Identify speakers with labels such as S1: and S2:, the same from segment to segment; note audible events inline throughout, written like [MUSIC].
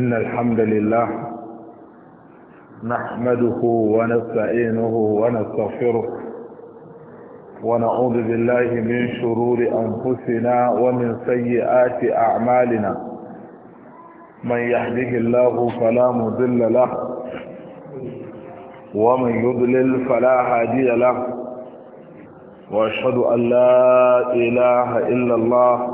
S1: إن الحمد لله نحمده ونستعينه ونستغفره ونعوذ بالله من شرور أنفسنا ومن سيئات أعمالنا من يهده الله فلا مذل له ومن يضلل فلا هادي له وأشهد أن لا إله إلا الله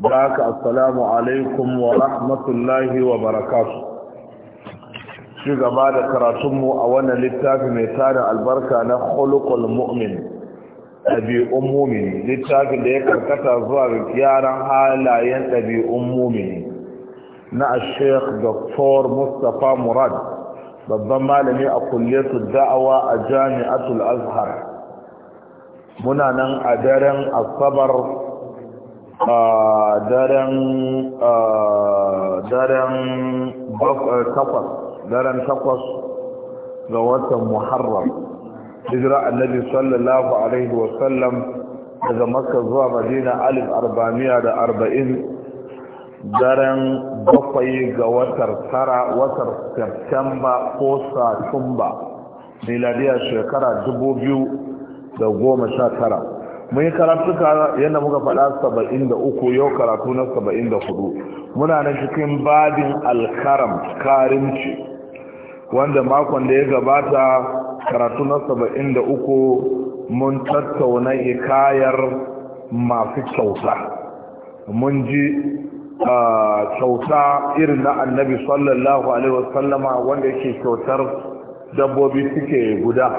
S1: baka asalamu alaikum wa rahmatullahi wa barakatuh shi gaba da karatunmu a wannan littafin mai tarin albarka na khuluqul mu'min ɗabi'un mumini littafin da ya karkata zuwa ga gyaran halayen ɗabi'un mumini na sheikh dr mustapha murad babban malami a kulletu da'awa a jami'atul azhar muna nan a daren asabar a daren takwas daren takwas ga watan muharram hijira annabi sallallahu alaihi wasallam daga makka zuwa madina alif arba'amiya da arba'in daren bakwai ga watar tara watar septemba ko satumba miladiyar shekara dubu biyu da goma sha tara mun yi karatuka yadda muka faɗa saba'in da uku yau karatu na saba'in da hudu muna na cikin badin alkaram karimci wanda makon da ya gabata karatu na saba'in da uku mun tattauna kayar masu kyauta mun ji kyauta irin na annabi sallallahu alaihi wasallama wanda yake kyautar dabbobi suke guda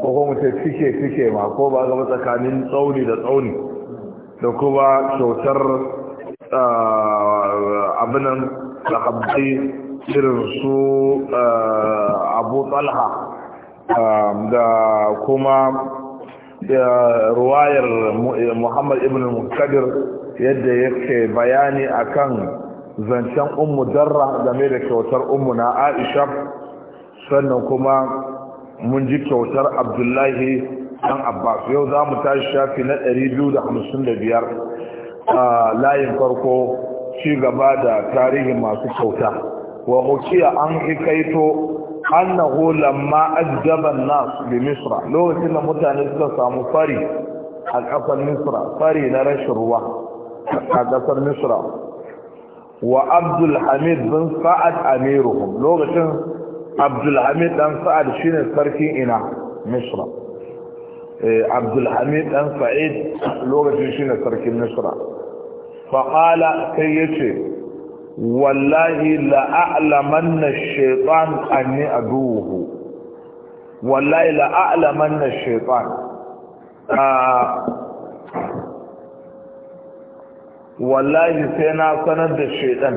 S1: ko kuma ta fike fike ma ko ba ga tsakanin tsauni da tsauni da kuma kyautar abinan lakabtai irin su abu talha da kuma ruwayar muhammad ibn mukadir yadda yake bayani akan zancen ummu darra game da kyautar ummu na aisha sannan kuma mun ji kyautar abdullahi ɗan abbas yau za mu tashi shafi na 255 a layin farko ci gaba da tarihin masu kyauta wa hukiya an hikaito annahu lamma ajdaba an-nas bi misra lokacin da mutane suka samu fari a kafar misra fari na rashin ruwa a ƙasar misra wa abdul hamid bin sa'ad amiruhum lokacin abdulhamid dan sa'ad ne sarkin ina misra eh, abdulhamid dan sa'id lokacin shi ne sarkin misra faƙala sai ya ce wallahi la'a'laman na shaitan anni duhu wallahi la'a'laman na shaitan ah, wallahi sai na sanar da shaitan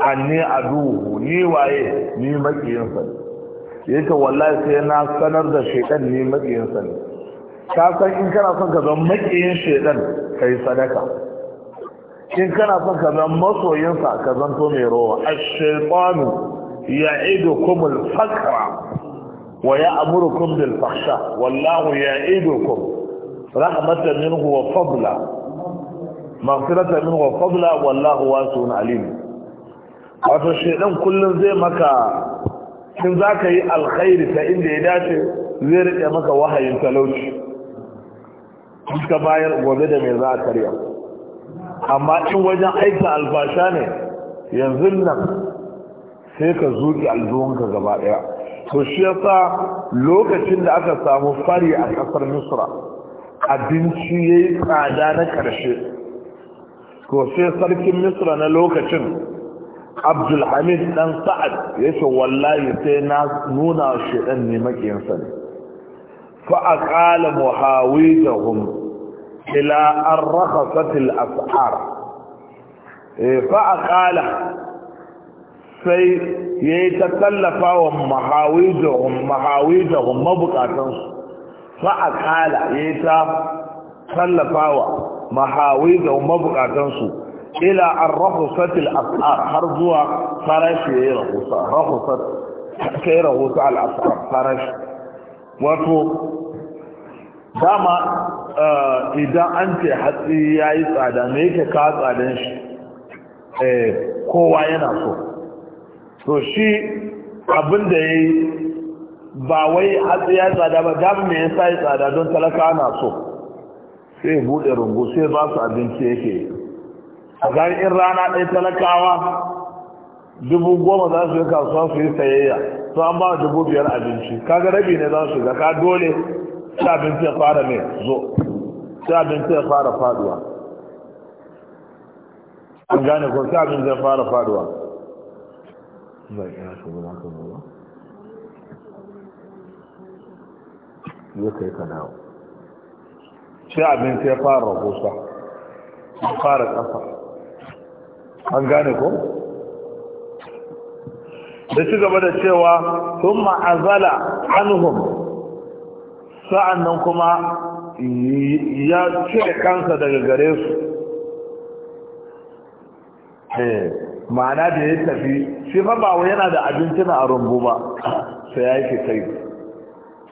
S1: anni aduhu ni waye ni makiyin sa yake wallahi sai na sanar da shaytan ni makiyin sa ne ka san in kana son ka zama makiyin shaytan kai sadaka in kana son ka zama masoyin sa ka zanto mai rowa ash-shaytanu ya'idukum al-faqra wa ya'murukum bil fahsha wallahu ya'idukum rahmatan minhu wa fadla maghfiratan minhu wa fadla wallahu wasi'un alim wato shaidan kullum zai maka in za ka yi alkhairi ta inda ya dace zai rike maka wahayin talauci ka bayar gobe da mai za a karya amma in wajen aika albasha ne yanzu nan sai ka zuki alzuwanka gaba ɗaya, to shi yasa lokacin da aka samu fari a ƙasar misra abinci ya yi tsada na ƙarshe, ko sai sarkin misra na lokacin عبد الحميد دان سعد يشو والله سينا نونا الشيطان نمك ينسل فأقال محاويدهم إلى الرخصة الأسعار فأقال سي يتتلفا محاويدهم محاويدهم مبقى تنسل فأقال يتتلفا محاويدهم مبقى تنسل ila an rahusatil as'ar har zuwa farashi ya yi rahusa rahusat yi rahusa al'asar farashi wato dama idan an ce hatsi ya yi tsada me yake ka tsadan shi kowa yana so to shi abin da ya yi ba wai hatsi ya yi tsada ba dama me yasa ya tsada don talaka ana so sai bude rungu sai ba su abinci yake yi a gari in rana ɗaya talakawa dubu goma za su yi kasuwa su yi sayayya to an ba dubu biyar abinci kaga rabi ne za su ga ka dole sai abinci ya fara ne zo sai abinci ya fara faduwa an gane ko sai abinci ya fara faduwa ina shi ka ba kai ka dawo sai abinci ya fara rahusa ya fara ƙasa an gane ko da ci gaba da cewa sun ma'azala anhum sa'annan kuma ya cire kansa daga gare su eh, ma'ana da ya tafi shi ba ba yana da abincin a rumbu ba sai ya yi fitai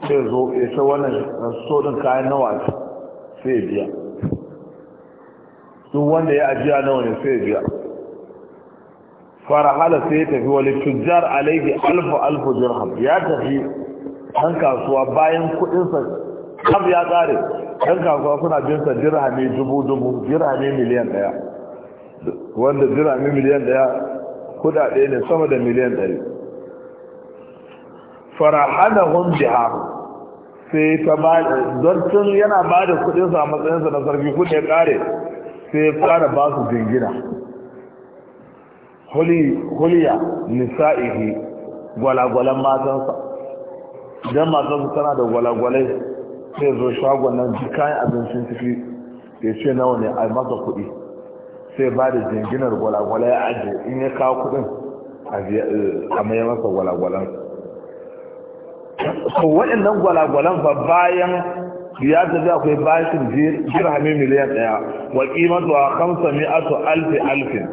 S1: sai zo ya ce wannan sodin kayan nawa sai biya duk wanda ya ajiya nawa ne sai biya farahala sai ya tafi wali tujjar alaihi alfu alfu dirham ya tafi ɗan kasuwa bayan kuɗinsa kam ya kare ɗan kasuwa suna binsa dirhami dubu dubu dirhami miliyan ɗaya wanda dirhami miliyan ɗaya kuɗaɗe ne sama da miliyan ɗari farahanahum biha sai ta ba don tun yana ba da kudinsa a matsayinsa na sarki kudin ya kare sai ya fara ba su jingina huliya nisa'ihi gwalagwalen matansa idan matansa tana da gwalagwalai sai zo shagon nan ji abincin ciki da ce nawa ne a masa kuɗi sai ba da jinginar gwalagwalai a ajiye in ya kawo kuɗin a eh, mai masa gwalagwalansa waɗannan gwalagwalan ba bayan ya zai akwai bashin dirhami miliyan ɗaya wa ƙimatu a kamsa alfi alfin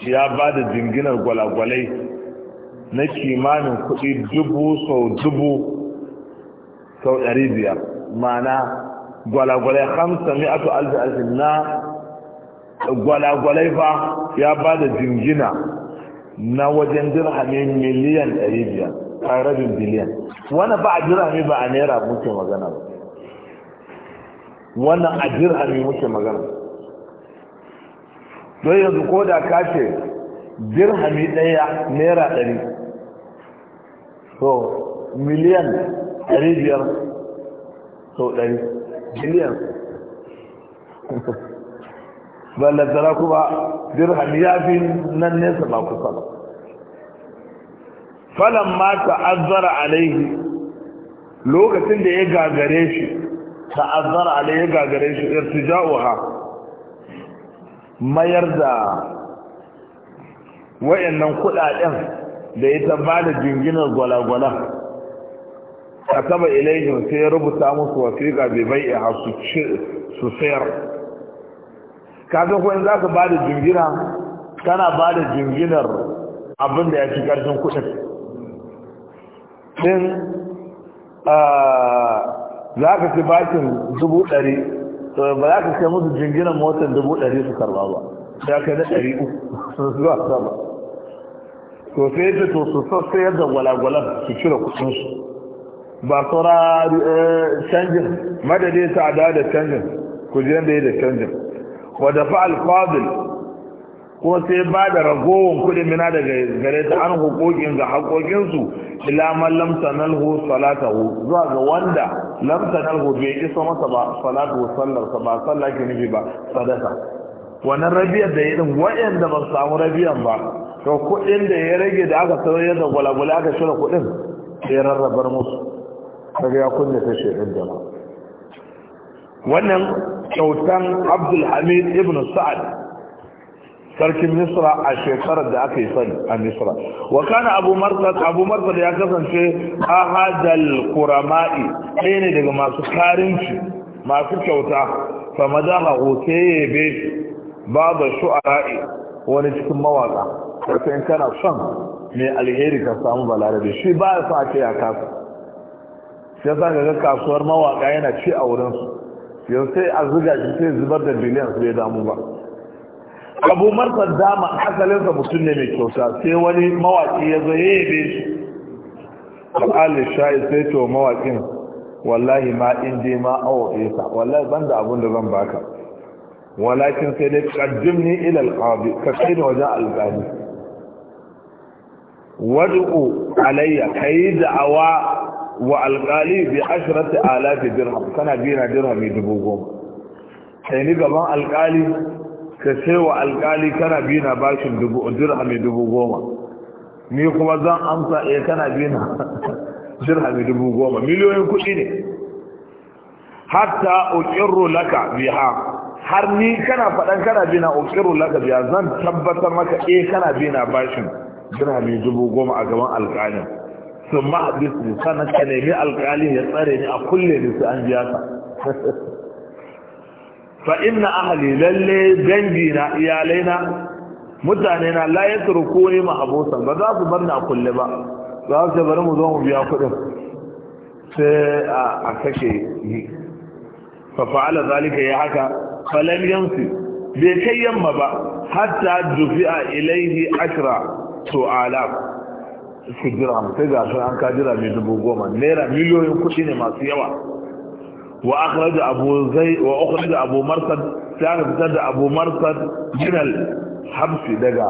S1: ya ba da jinginar gwalagwalai na kimanin kuɗi dubu sau dubu sau ɗari biyar mana gwalagwalai hamsa mai ato alfi na gwalagwalai ba ya ba da jingina na wajen dirhami miliyan ɗari biyar a rabin biliyan wani ba a dirhami ba a naira muke magana ba wannan a dirhami muke magana don yanzu ko da kashe dirhami ɗaya naira ɗari so miliyan ɗari biyar so ɗari miliyan ku [LAUGHS] kuma dirhami ya fi nan nesa ba kusa ba falon mata azzara alaihi lokacin da ya gagare shi ta azzara alaihi ya gagare shi irtija'uha mayar da wayannan kudaden da ya tamba da jinginar gwalagwalan a taba ilayhin sai ya rubuta musu wasiƙa bai bai a su sayar kaga kuwa za ka ba da jingina kana ba da jinginar abin da ya fi ƙarfin kudin din ah, za ka ci bakin dubu ɗari to ba za ka kai musu jinginan motar dubu ɗari su karba ba ya kai na ɗari uku su [LAUGHS] zuwa sama to sai ta to su sassa yadda gwalagwalan su cire su ba saura eh, canjin madadi ta da da canjin ku je da da canjin wa da fa ko sai ba da ragowar kudin mina daga gare ta an hukokin ga haƙoƙinsu ila man lamta nalhu salatahu zuwa ga wanda lamta nalhu bai isa masa ba salatu sallar sa ba sallah ke nufi ba sadaka wannan rabiyar da irin waɗanda ba samu rabiyar ba to kuɗin da ya rage da aka sauya da gwalagwala aka shirya kuɗin sai rarrabar musu kaga ya kunya ta shekar jama'a wannan kyautan abdulhamid ibn sa'ad sarkin misra a shekarar da aka yi sani a misra wa kana abu martar abu martar ya kasance ahadal kurama'i ɗaya ne daga masu karinci masu kyauta fa madaha hote be babu shu'ara'i wani cikin mawaka sai in kana son mai alheri ka samu balarabe shi ba ya sa ce ya kasa ya sa ga kasuwar mawaka yana ci a wurinsu yanzu sai a zuga shi sai zubar da biliyan su bai damu ba abu marsa dama asalinsa mutum ne mai kyauta sai wani mawaki ya zo yabe shi al sha'i sai to mawakin wallahi ma in je ma awoye sa wallahi banda abun da zan baka walakin sai dai kaddimni ila alqabi ka kai ni wajen alqabi wad'u alayya kai da'awa wa alqali bi ashrati alafi dirham kana bina dirham dubu goma sai ni gaban alqali ka ce wa alkali kana biyu na bashin dubu dirhami dubu goma ni kuma zan amsa eh kana biyu na [LAUGHS] dirhami dubu goma miliyoyin kuɗi ne hatta uqirru laka biha har ni kana faɗan kana biyu na uqirru laka biha zan tabbatar maka eh kana biyu na bashin dirhami dubu goma a gaban alkalin sun ma'a ne sannan ka nemi alkali ya tsare ni a kulle da su an biya ka [LAUGHS] fa inna ahli lalle dangi na iyalai na mutane na la yatruku ni mahbusan ba za su bar ni a kulle ba za su bari mu zo mu biya kuɗin sai a kashe ni fa zalika ya haka falam yansi bai kai yamma ba hatta dufi'a ilaihi ashra Ala. su jira sai ga shi an ka jira mai dubu goma naira miliyoyin kuɗi ne masu yawa wa akhraj abu zai wa akhraj abu marsad ya aka fitar da abu marsad min al habsi daga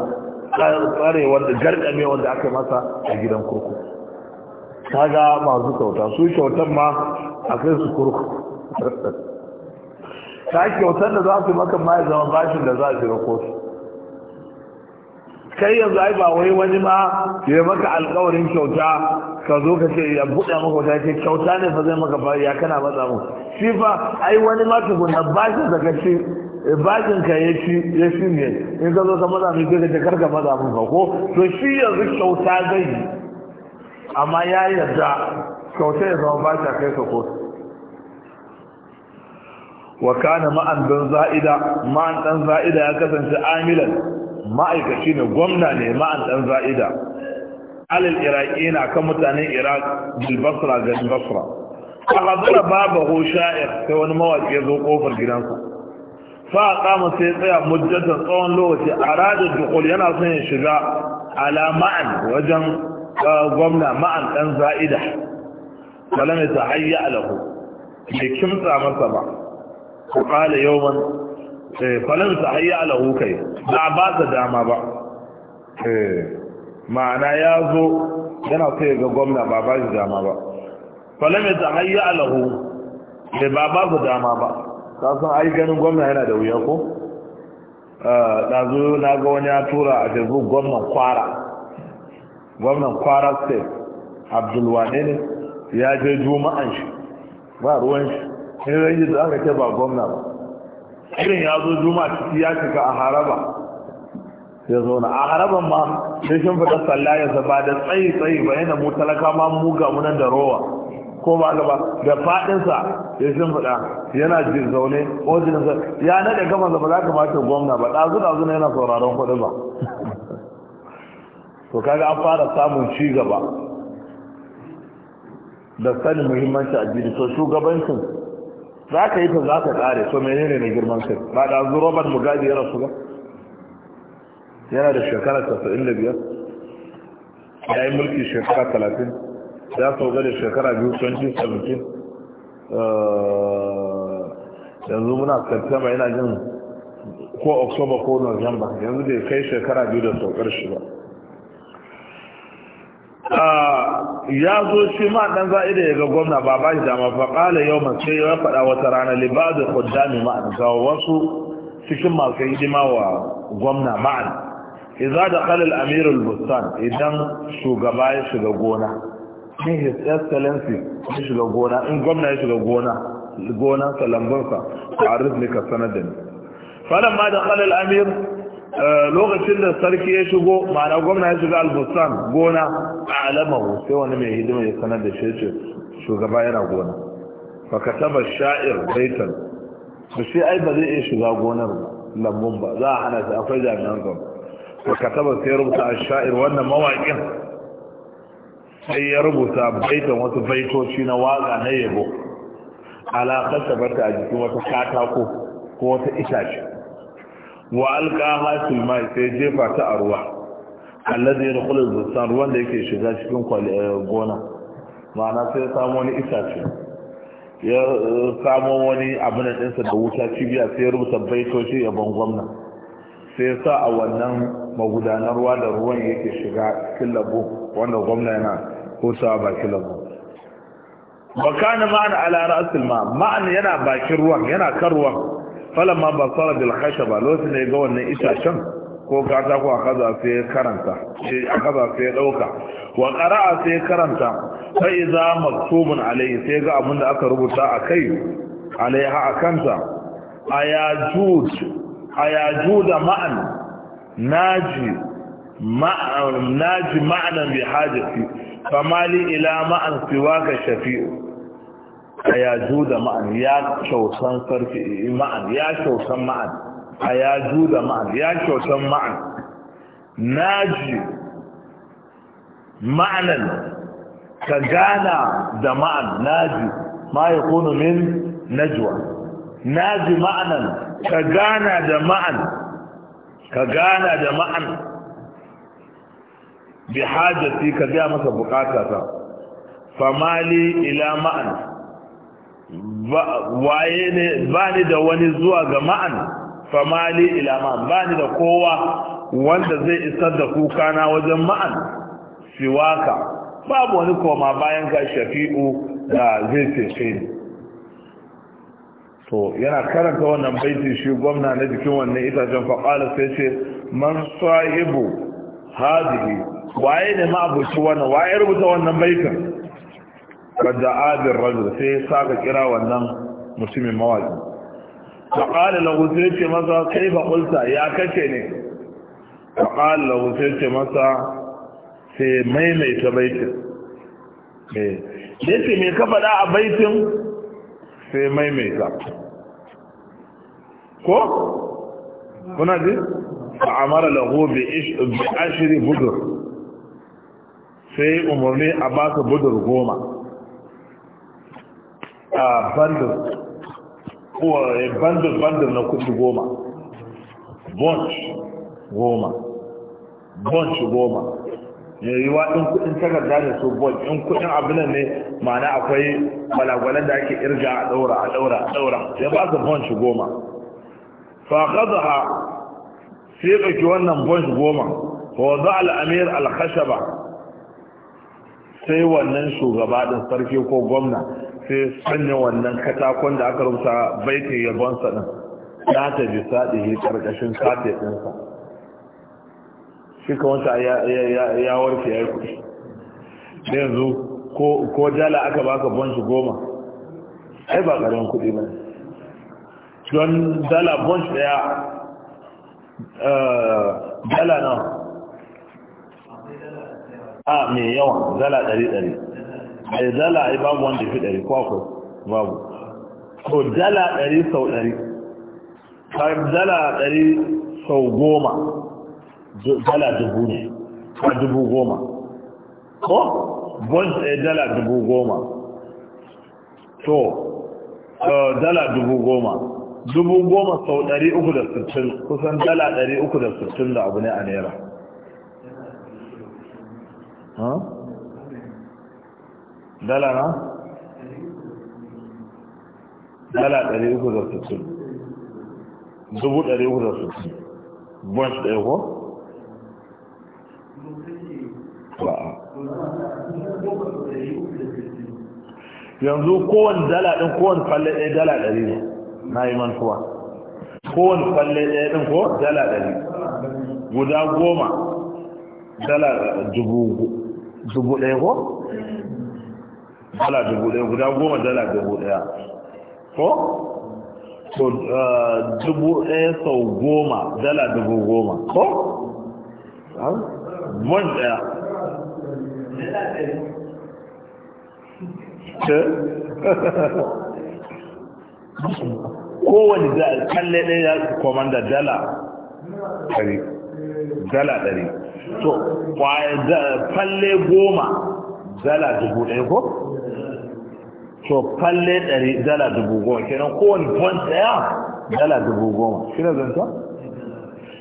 S1: tsarewar da garkame wanda aka masa a gidan kurkuku kaga masu kyauta su kyautan ma a kai su kurkuku ta kyautar da za su maka ma ya bashin da za a shiga kotu kai yanzu ai ba wai wani ma ya maka alkawarin kyauta ka zo ka ce ya buɗe maka wata ce kyauta ne fa zai maka ya kana matsa mu shi fa ai wani ma tukunna bashin da ka ci eh, bashin ka ya ci ya ci ne in ka zo ka matsa mu sai ka kar ka matsa mu fa ko to shi yanzu kyauta zai yi amma ya yarda kyauta ya zama bashi kai ka ko wa kana ma'an dan za'ida ma'an dan za'ida ya kasance amilan ma'aikaci ne gwamna ne ma'an ɗan za'ida alil iraki na kan mutanen iraq bilbasra ga basra a Baba babahu sha'ir sai wani mawaƙi ya zo ƙofar gidansa fa a kama sai tsaya mujjatar tsawon lokaci a radar dukul yana son ya shiga ala ma'an wajen uh, gwamna ma'an ɗan za'ida kalamai ta hayya alahu bai kimtsa masa ba ku ƙala yau Eh, sa hayya alahu kai ba ba su dama ba eh, ma'ana ya zo yana sai ga gwamna ba ba su dama ba sa hayya alahu ne eh, ba ba su dama ba kasan ai ganin gwamna yana da wuya ko ɗazu na ga wani ya tura a facebook gwamnan kwara gwamnan kwara state abdulwane ne ya je juma'an shi ba ruwan shi ne zai yi da aka ce ba gwamna ba irin ya zo juma ciki ya shiga a haraba ya zauna a haraban ma sai shin fita salla ya ba da tsayi tsayi ba yana mu talaka ma mu ga munan da rowa ko ba ba da fadin sa ya shin fita yana jin zaune jin sa ya nade gama zaba za ka mace gwamna ba dazu dazu yana sauraron kuɗi ba to kaga an fara samun ci gaba da sanin muhimmanci addini to shugabancin za ka yi ta za ka tsare so mai ne girman kai ba da zuwa robert mugabe ya rasu ba yana da shekara 95 ya yi mulki shekara 30 ya sauka da shekara 2017 eh, yanzu muna september yana jin ko october ko november yanzu da kai shekara biyu da saukar shi ba ah, ya zo shi ma dan za'ida ya ga gwamna ba ba shi dama fa qala yawma sai ya fada, wata rana libadu ma ma'an ga wasu cikin masu hidima wa gwamna ma'an idza dakhala al-amir al-bustan idan shugaba ya shiga gona sai his excellency ya shiga gona in gwamna ya shiga gona gona sa lambunsa a rizmika sanadin falamma dakhala al-amir Eh, lokacin da sarki ya shigo ma'ana gwamna ya shiga albustan gona a alamahu sai wani mai hidima ya sanar da shi ce shugaba yana gona ba ka taba sha'ir baitan ba shi ai ba zai iya shiga gonar lambun ba za a hana shi akwai jami'an gwam ba ka taba sai rubuta a sha'ir wannan mawaƙin sai ya rubuta baitan wasu baitoci na waƙa na yabo alaƙar ta bata a jikin wata katako ko wata itace wa alqaha fil mai sai jefa ta a ruwa allazi yadkhulu al-bustan ruwan da yake shiga cikin eh, gona ma'ana sai ya samu wani itace ya eh, samu wani abin sa da wuta cibiya sai ya rubuta baitoci yabon gwamna sai ya sa a wannan magudanar ruwa da ruwan yake shiga cikin labo wanda gwamna yana kusa bakin labo Bakanin ma'ana ala ra'asul ma ma'ana yana bakin ruwan yana kan ruwan ba falamma da bil ba lokacin da ya ga wannan itacen ko katako a kaza sai ya karanta sai a kaza sai ɗauka wa qara'a sai karanta fa idza maktubun alayhi sai ga abin da aka rubuta a akai alaiha akanta ayajud ayajud ma'an naji ma'an naji ma'anan bi hajati famali ila ma'an ka shafi'u a ya juda ma'an ya kyautan sarki ma'an ya kyautan ma'an a ya juda ma'an ya kyautan ma'an naji ma'anan ka gana da ma'an naji ma ya kunu min najwa naji ma'anan ka gana da ma'an ka gana da ma'an bi hajjati ka gaya masa bukata ta famali ila ma'an waye ne ba ni da wani zuwa ga ma'an famali ila ma'an ba ni da kowa wanda zai isar da kuka na wajen ma'an siwaka babu wani koma bayan ga shafi'u da zai tefe ni to yana karanta wannan baiti shi gwamna na jikin wannan itacen faƙala sai ce man sahibu hadihi waye ne ma abuci wannan waye rubuta wannan baitin fadda abin rajul sai saka kira wannan mutumin mawaki faƙali lagu sai ce masa kai fa ya kace ne faƙali lagu sai ce masa sai maimaita baitin eh, ya ce mai ka a baitin sai maimaita ko? kuna ji? amara lagu bi ashirin budur sai umarni a baka budur goma a bandar eh, bandar na kudi goma bunch goma bunch goma mai yiwa ɗin kudin takarda da su bunch in kudin abinan ne mana akwai balagwalen da ake irga a ɗaura a ɗaura a ɗaura ya ba su bunch goma fa kaza ha sai ɗauki wannan bunch goma wa za al'amir al-khashaba sai wannan shugaba ɗin sarki ko gwamna sai sanya wannan katakon da aka rubuta baitin yabonsa ɗin na ta bi saɗi ƙarƙashin safe ɗinsa shi kawanta ya warke ya yi kuɗi da yanzu ko jala aka baka bonshi goma ai ba ƙarin kuɗi ba don dala bonshi ɗaya eh, dala na a mai yawan dala ɗari ɗari a dala ai babu wanda fi ɗari ko ko? babu to dala ɗari sau ɗari ka dala ɗari sau goma dala dubu ne ka dubu goma ko bon eh, dala dubu goma to eh, dala dubu goma dubu goma sau ɗari uku da sittin kusan dala ɗari uku da sittin da abu ne a naira dala na? dala 360 dubu 360 bunch ɗaya ko? ba'a yanzu kowane dala ɗin kowane falle ɗaya dala ɗari ne na yi mantuwa kowane falle ɗaya ɗin ko dala ɗari guda goma dala dubu ɗaya ko? dala dubu ɗaya guda goma dala dubu ɗaya ko? so eh, dubu ɗaya sau goma dala dubu goma ko? man ɗaya eh?
S2: [LAUGHS]
S1: kowane kalle ɗaya ya komanda dala ɗari dala ɗari so kwaye kalle goma dala dubu ɗaya ko? to falle ɗari dala dubu goma kenan kowane point ɗaya dala dubu goma shi ne zanta?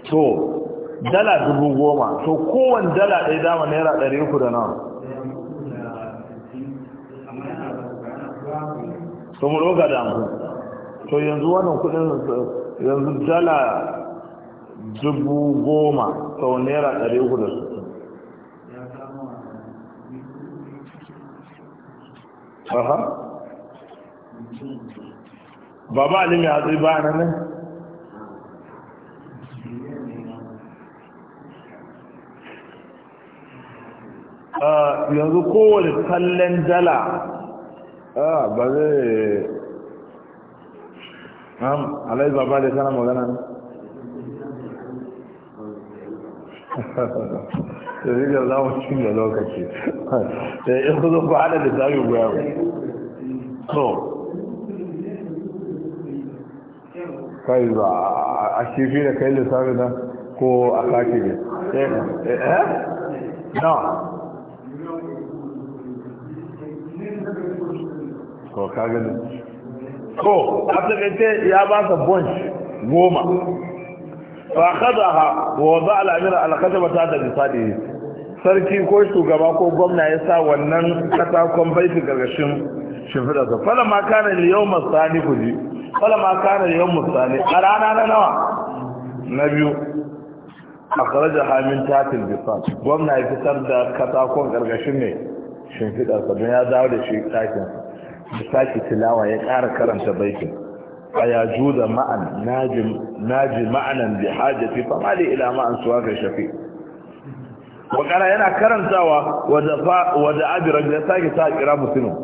S1: to dala dubu goma to kowane dala ɗaya dama naira ɗari uku da nawa so mu roga da amfani to yanzu wannan kudin yanzu dala dubu goma so naira ɗari uku da su Uh-huh. baba ali mai hatsi ba na nan ah, yanzu kowane kallon dala ah, ba zai alai baba da sana magana ne da [LAUGHS] za mu cin [LAUGHS] eh, da lokaci da ba da kai ba a shifi da kai lissafi nan ko a kaki ne eh, eh, eh? no ko kagani ko a takaice ya ba ka bunch goma fa khadaha wa wada al-amir al-khataba ta da misali sarki ko shugaba ko gwamna ya sa wannan katakon baiti gargashin shimfida sa fala ma kana al sani kuji wala ma kana yawan musali a rana na nawa na biyu a karaja hamin tatin bisan gwamna ya fitar da katakon karkashin ne shimfiɗarsa don ya dawo da shi ɗakin da sake tilawa ya ƙara karanta baikin a ya juda ma'an naji ma'anan bi hajjafi fama da ila ma'an suwa ga shafi wakana yana karantawa wadda abin da ya sake sa kira musulun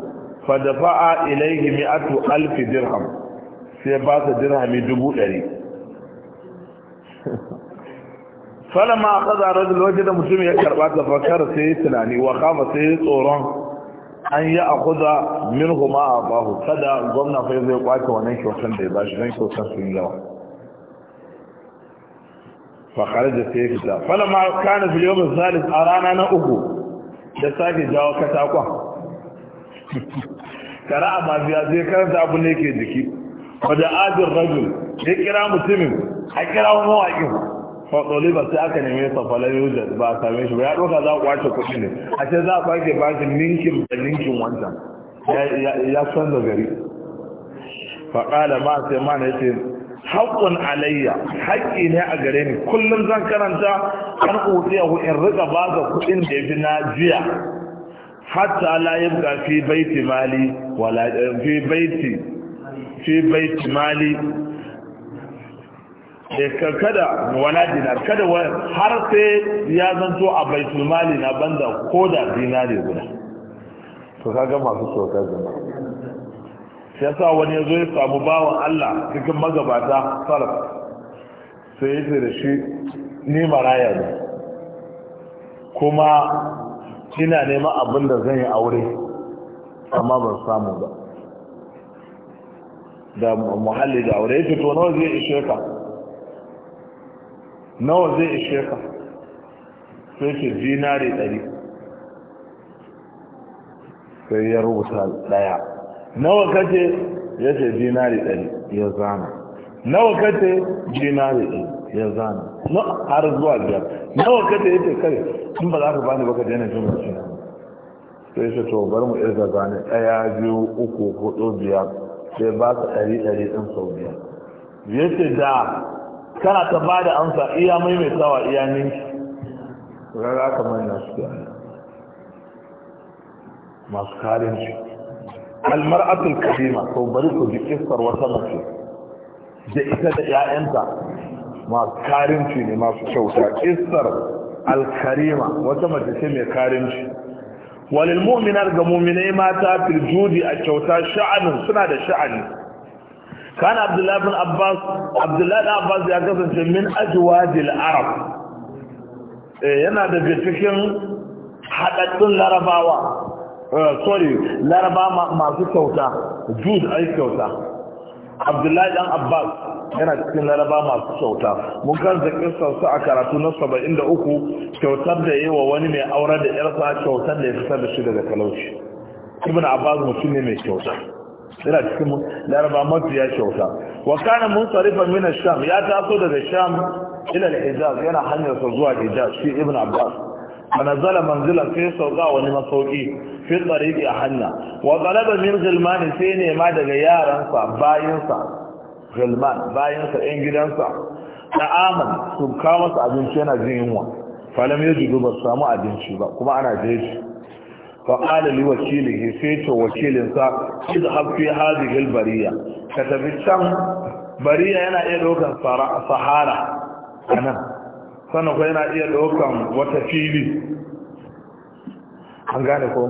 S1: fadafa'a ilaihi mi'atu alfi dirham sai ba su dirhami dubu ɗari falama a ƙaza rajin lokacin da mutum ya karɓa ta fakar sai yi tunani wa kama sai yi tsoron an yi a kuza min huma a bahu kada gwamna fai zai kwace wannan kyautan da ya ba shi don kyautan sun yawa fakar da sai ya fita falama kana filiyo misalis a rana na uku da sake jawo katakon kara a mafiya zai karanta abu ne ke jiki fada ajin rajul ya kira mutumin a kira mawaƙin faɗoli ba sai aka neme sa falon yuzar ba a same shi ba ya ɗauka za a kwace kuɗi ne a ce za a kwace bashin ninkin da ninkin wancan ya canza gari faƙala ma sai ma na ce haƙƙun alayya haƙƙi ne a gare ni kullum zan karanta an utsiya a in riƙa ba ga kuɗin da ya fi na jiya hatta la yabqa fi baiti mali wala fi baiti fi baiti mali E, kada wala dinar kada har sai ya zanto a baiti mali na banda ko da dinari guda to kaga masu kyautar zama shi yasa wani ya zo ya samu bawan Allah cikin magabata salaf sai ya da shi ni maraya ne kuma ina neman abin da zan yi aure amma ban samu ba da muhalli da aure ya fito nawa zai ishe ka nawa zai ishe ka sai ce dinari ɗari sai ya rubuta ɗaya nawa kace ya ce dinari ɗari ya zana nawa kace dinari ɗari ya zana na har zuwa biyar nawa kace ya ce kai in ba za ka bani baka daina jin mutum sai ce to bari mu irga zane ɗaya biyu uku hudu biyar sai ba ka ɗari ɗari ɗin sau biyar yace da kana ta ba da amsa iya maimaitawa iya ninki rara kamar na su masu karin shi Almar almar'atul kadima to bari ku ji kissar wata mace da ita da 'ya'yanta masu karin shi ne masu kyauta Istar alkarima wata mace ce mai karin shi. walil mu'minar ga mu'minai mata fil judi a kyauta sha'anin suna da sha'ani kana abdullahi bin abbas abdullahi bin abbas ya kasance min ajwadil arab yana da cikin haɗaɗɗun larabawa sorry laraba masu kyauta jud ai kyauta abdullahi dan abbas yana cikin laraba masu kyauta mun kan zakin su a karatu na 73 kyautar da yawa wani mai aure da yarsa kyautar da ya fitar da shi daga talauci ibn abbas mutum ne mai kyauta yana cikin laraba mafi ya kyauta wa kana munsarifan min ash-sham ya taso daga sham ila al-hijaz yana hanyar sa zuwa hijaz shi ibn abbas فنزل منزلا في سوقا وني مسوقي في طريق a hanya. min zulmani sai ne ma daga yaransa bayinsa helman bayan sa ɗan gidansa aman su kawo masa abinci yana jin yunwa falam yaji jidu ba samu abinci ba kuma ana jeji fa qala li he sai to wakilin sa idhab fi hadhihi al-bariya ka tafi can bariya yana iya daukan sahara Kana sannan ko yana iya dokan wata fili an gane ko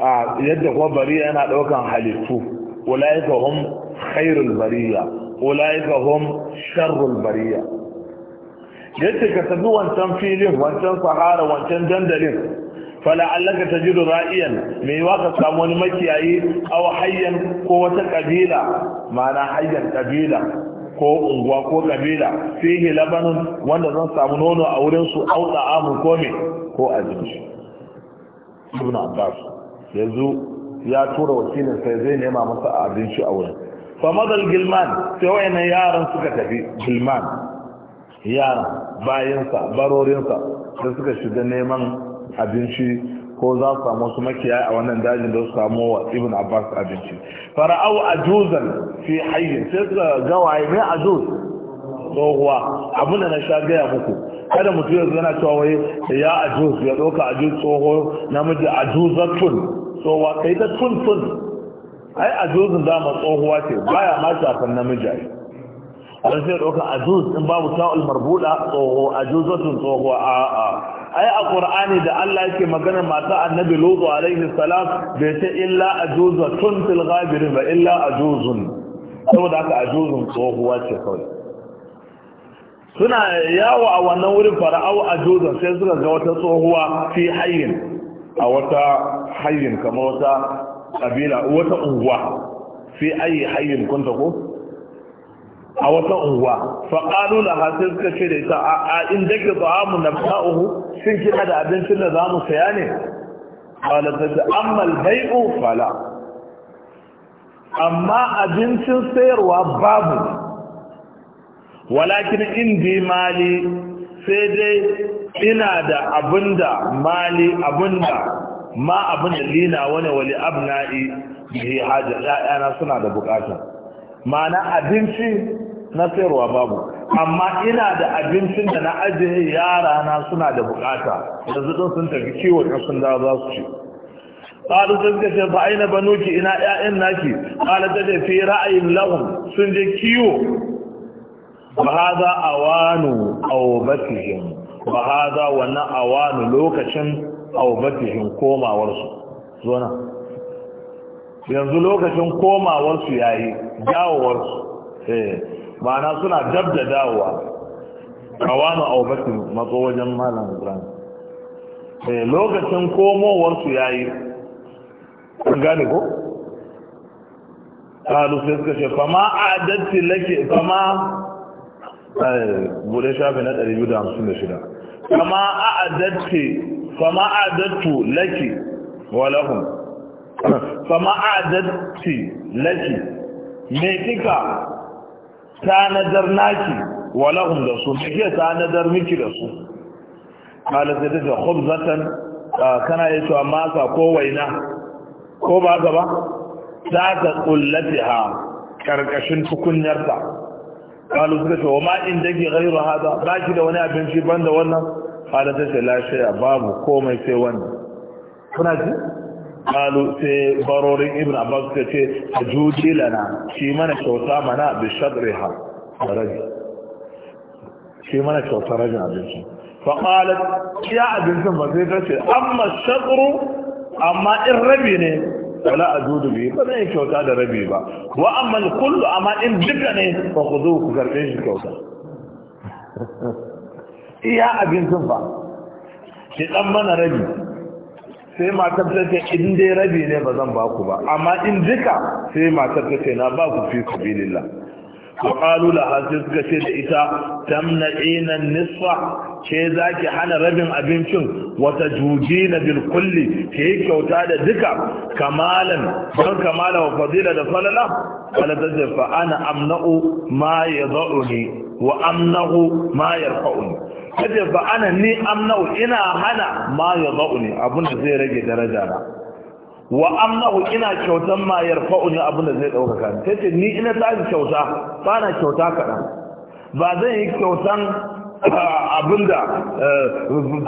S1: a yadda kuma bariya yana dokan halittu ulaika hum khairul bariya ulaika hum sharrul bariya yace ka tafi wancan filin wancan sahara wancan dandalin allaka tajidu ra'iyan me wa ka samu wani makiyayi aw hayyan ko wata kabila mana hayyan kabila ko unguwa ko kabila fihi labanun wanda zan samu nono a wurin su aw da'amu ko me ko azumi ibn abbas yanzu ya tura wakilin sai zai nema masa abinci a wurin famadal gilman sai wayannan yaran suka tafi gilman yaran bayansa barorinsa da suka shiga neman abinci ko za su samu su makiyaya a wannan dajin da su samu wa ibn abbas abinci fara'au ajuzan fi hayyin sai suka gawaye mai ajuz tsohuwa abin na sha gaya muku kada mutum ya zana cewa wai ya ajuz ya ɗauka ajuz tsoho namiji ajuzatun tsohuwa kai ta tun tun ai a jozin tsohuwa ce baya ma shafan namiji ai a rashin ɗaukar a joz in babu ta'ul marbuɗa tsoho a jozotun tsohuwa a a ai a ƙur'ani da allah yake maganar mata annabi lozo alaihi salam bai ce illa a tun tilgabirin ba illa a jozun saboda haka a tsohuwa ce kawai suna yawo a wannan wurin fara'au a jozon sai suka ga wata tsohuwa fi hayin a wata hayin kamar wata Ƙabila wata unguwa sai ayi hayyin kunta ko a wata unguwa fa qalu laha sai suka ce da ita a in dake ta'amu nabta'uhu shin kina da abincin da zamu saya ne qala ta amma al-bai'u fala amma abincin sayarwa babu walakin indi mali sai dai ina da abinda mali abinda ma abin da lila wani wali, abu na yi hajji ɗaya suna da bukata ma na abinci na sayarwa babu amma ina da abincin da na ajiye yara na suna da bukata da su sun tafi kiwon ƙasun da za su ci ƙwado sun ka ce ba aina ba nuki ina ƴaƴan naki ƙwado ta tafi ra'ayin lahun sun je kiwo ba ha za a wani ba a wani lokacin taubatihim komawarsu zo nan yanzu lokacin komawarsu yayi dawowarsu eh ma'ana suna dabda dawowa kawano aubatihim matso wajen malam Ibrahim eh lokacin komowarsu yayi kun gane ko kalu sai suka ce fa ma adatti lake eh bude shafi na 256 kama a adatti fama adattu laki wa lahum fama adatti laki me kika tanadar naki wa lahum da su Me kike tanadar miki da su kala sai ta khubzatan kana yi to masa ko waina ko ba gaba za ta kullatiha karkashin tukunyarta kalu suka ce wa ma in dake gairu hada ba ki da wani abinci banda wannan kala ta ce lafiya babu komai sai wannan kuna ji kalu sai barorin ibn abbas ta ce a juji lana shi mana kyauta mana bi shadri ha rabi shi mana kyauta rabin abincin fa ya abincin ba sai ta amma shadru amma in rabi ne wala a judu bi ba zai kyauta da rabi ba wa amma kullu amma in duka ne ba ku zo ku karɓe shi kyauta [LAUGHS] iya abincin fa ki dan mana rabi sai matar ta ce in dai rabi ne ba zan baku ba amma in duka sai matar ta ce na ba ku fi sabilillah wa qalu laha sai suka ce da ita tamna'ina nisfa ke zaki hana rabin abincin wata jujina bil kulli ke kyauta da duka kamalan don kamala wa fadila da falala wala tazfa ana amna'u ma yad'uni wa ma yarfa'uni kaje ba ana ni amnau ina hana ma ya zauni abin zai rage daraja na wa amnau ina kyautan ma yarfa'uni abin da zai ɗaukaka ni sai ce ni ina tashi kyauta ba na kyauta kaɗan ba zan yi kyautan ah, abinda eh,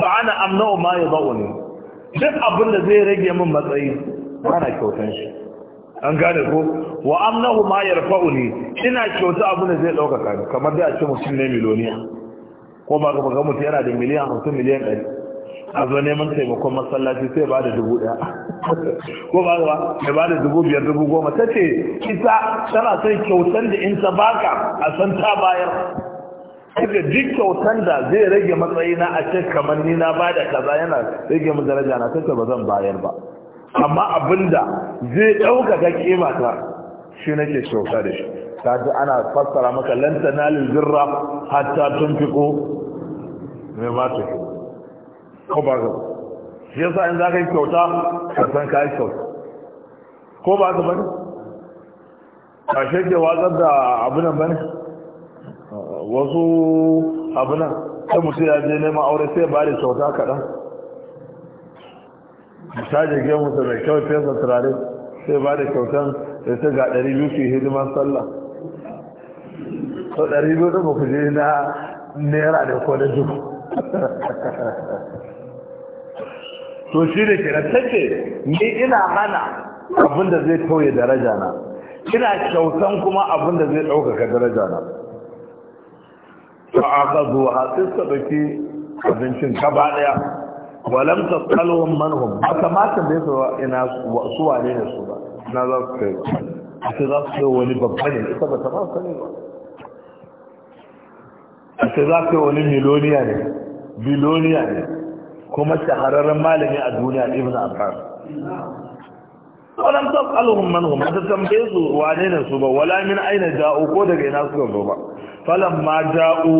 S1: ba ana amnau ma ya zauni duk abinda zai rage min matsayi ba na kyautan shi an gane ko wa amnahu ma yarfa'uni ina kyauta abin zai ɗaukaka ni kamar dai a ce mutum ne miloniya ko ba ga ga mutu yana da miliyan hamsin miliyan ɗari a zo neman taimakon masallaci sai ba da dubu ɗaya ko ba ga mai ba da dubu biyar dubu goma ta ce isa tana sai kyautan da in ta baka a san ta bayar daga duk kyautan da zai rage matsayina a ce kamar ni na ba da kaza yana rage mu daraja na sai ba zan bayar ba amma abinda zai ɗaukaka kima ta shi nake kyauta da shi kaji ana fassara maka lan tanalul birra hatta tunfiqo me mimma ta ko ko ba ga shi yasa in zaka yi kyauta ka san kai yi kyauta ko ba ga bane ka shi wazar watsar da abunan bane wasu abunan sai mutum ya je neman aure sai ba da kyauta kaɗan misali gemu da mai kyau fesa turare sai ba da kyautan sai ga ɗari biyu hidimar sallah sau ɗari biyu ɗin ku je na naira da ko da to shi da kira take ni ina hana abin da zai tauye daraja na ina kyautan kuma abin da zai ɗaukaka daraja na fa'aka zuwa hatsin sadaki abincin gaba ɗaya walam ta tsalwon manhum ba kamata bai su ina su wane ne su ba na za su kai ba ake za su yi wani babban ne ita ba ta ba ne ba ake za su yi wani miloniya ne biloniya ne kuma shahararren malami a duniya ibn abbas wadanda ta kalu hannun hannun ta tambaye su wane ne su ba wala min aina ja'o ko daga ina su ba falan ma ja'u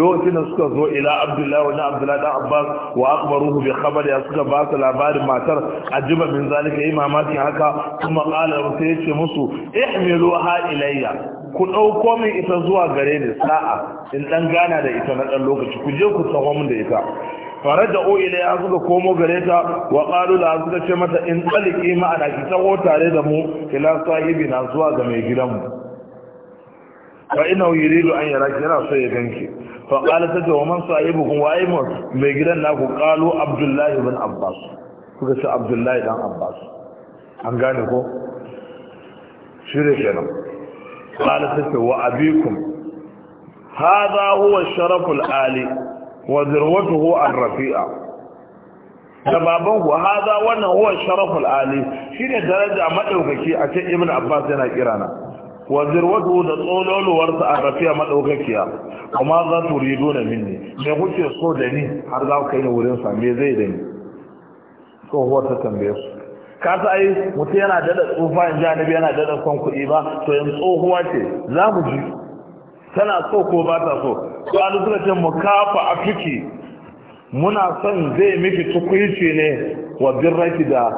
S1: lokacin da suka zo ila abdullahi wani abdullahi dan abbas wa akbaruhu bi khabari ya suka ba su labarin matar ajiba min zalika yi mamakin haka kuma qala sai yace musu ihmilu ha ilayya ku dauko min ita zuwa gare ni sa'a in dan gana da ita na dan lokaci ku je ku tsawo min da ita faraja'u ilayya suka komo gare ta wa qalu la suka ce mata in qaliki na ki tsawo tare da mu ila na zuwa ga mai gidanmu fa ina yuridu an yaraki yana so ya ganki fa qala ta wa man sahibukum wa aymu mai gidan na ku qalu abdullahi ibn abbas kuka ce abdullahi dan abbas an gane ko shire kenan qala ta wa abikum hadha huwa sharafu al-ali wa zirwatuhu ar-rafi'a da baban ku hadha wannan huwa sharafu al-ali shine daraja madaukaki a ce ibn abbas yana kirana wa zirwatu da tsololuwarsa a tafiya madaukakiya kuma za su rido da minni me kuke so da ni har za ku kai ni wurin sa me zai da ni tsohuwar ta tambaye su ka ta ai mutum yana dada tsufa in ji annabi yana dada son kuɗi ba to yan tsohuwa ce za mu ji tana so ko ba ta so to an suka ce mu kafa a fiki muna son zai miki tukuici ne wa birraki da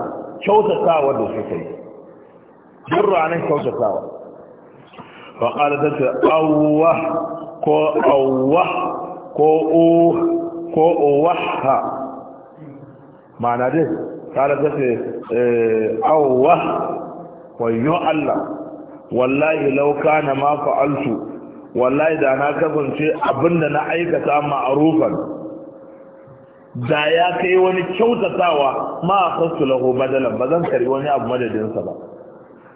S1: kyautatawa da suka yi birra nan kyautatawa ba ƙara ta ce awwa ma'ana dai ta ce awwa Allah wallahi lauka na ma fa'altu wallahi da na kasance abinda na aikata ma'arufan da ya kai wani kyautatawa ma a kasu lahu badalan ba zan kari wani abu madadinsa ba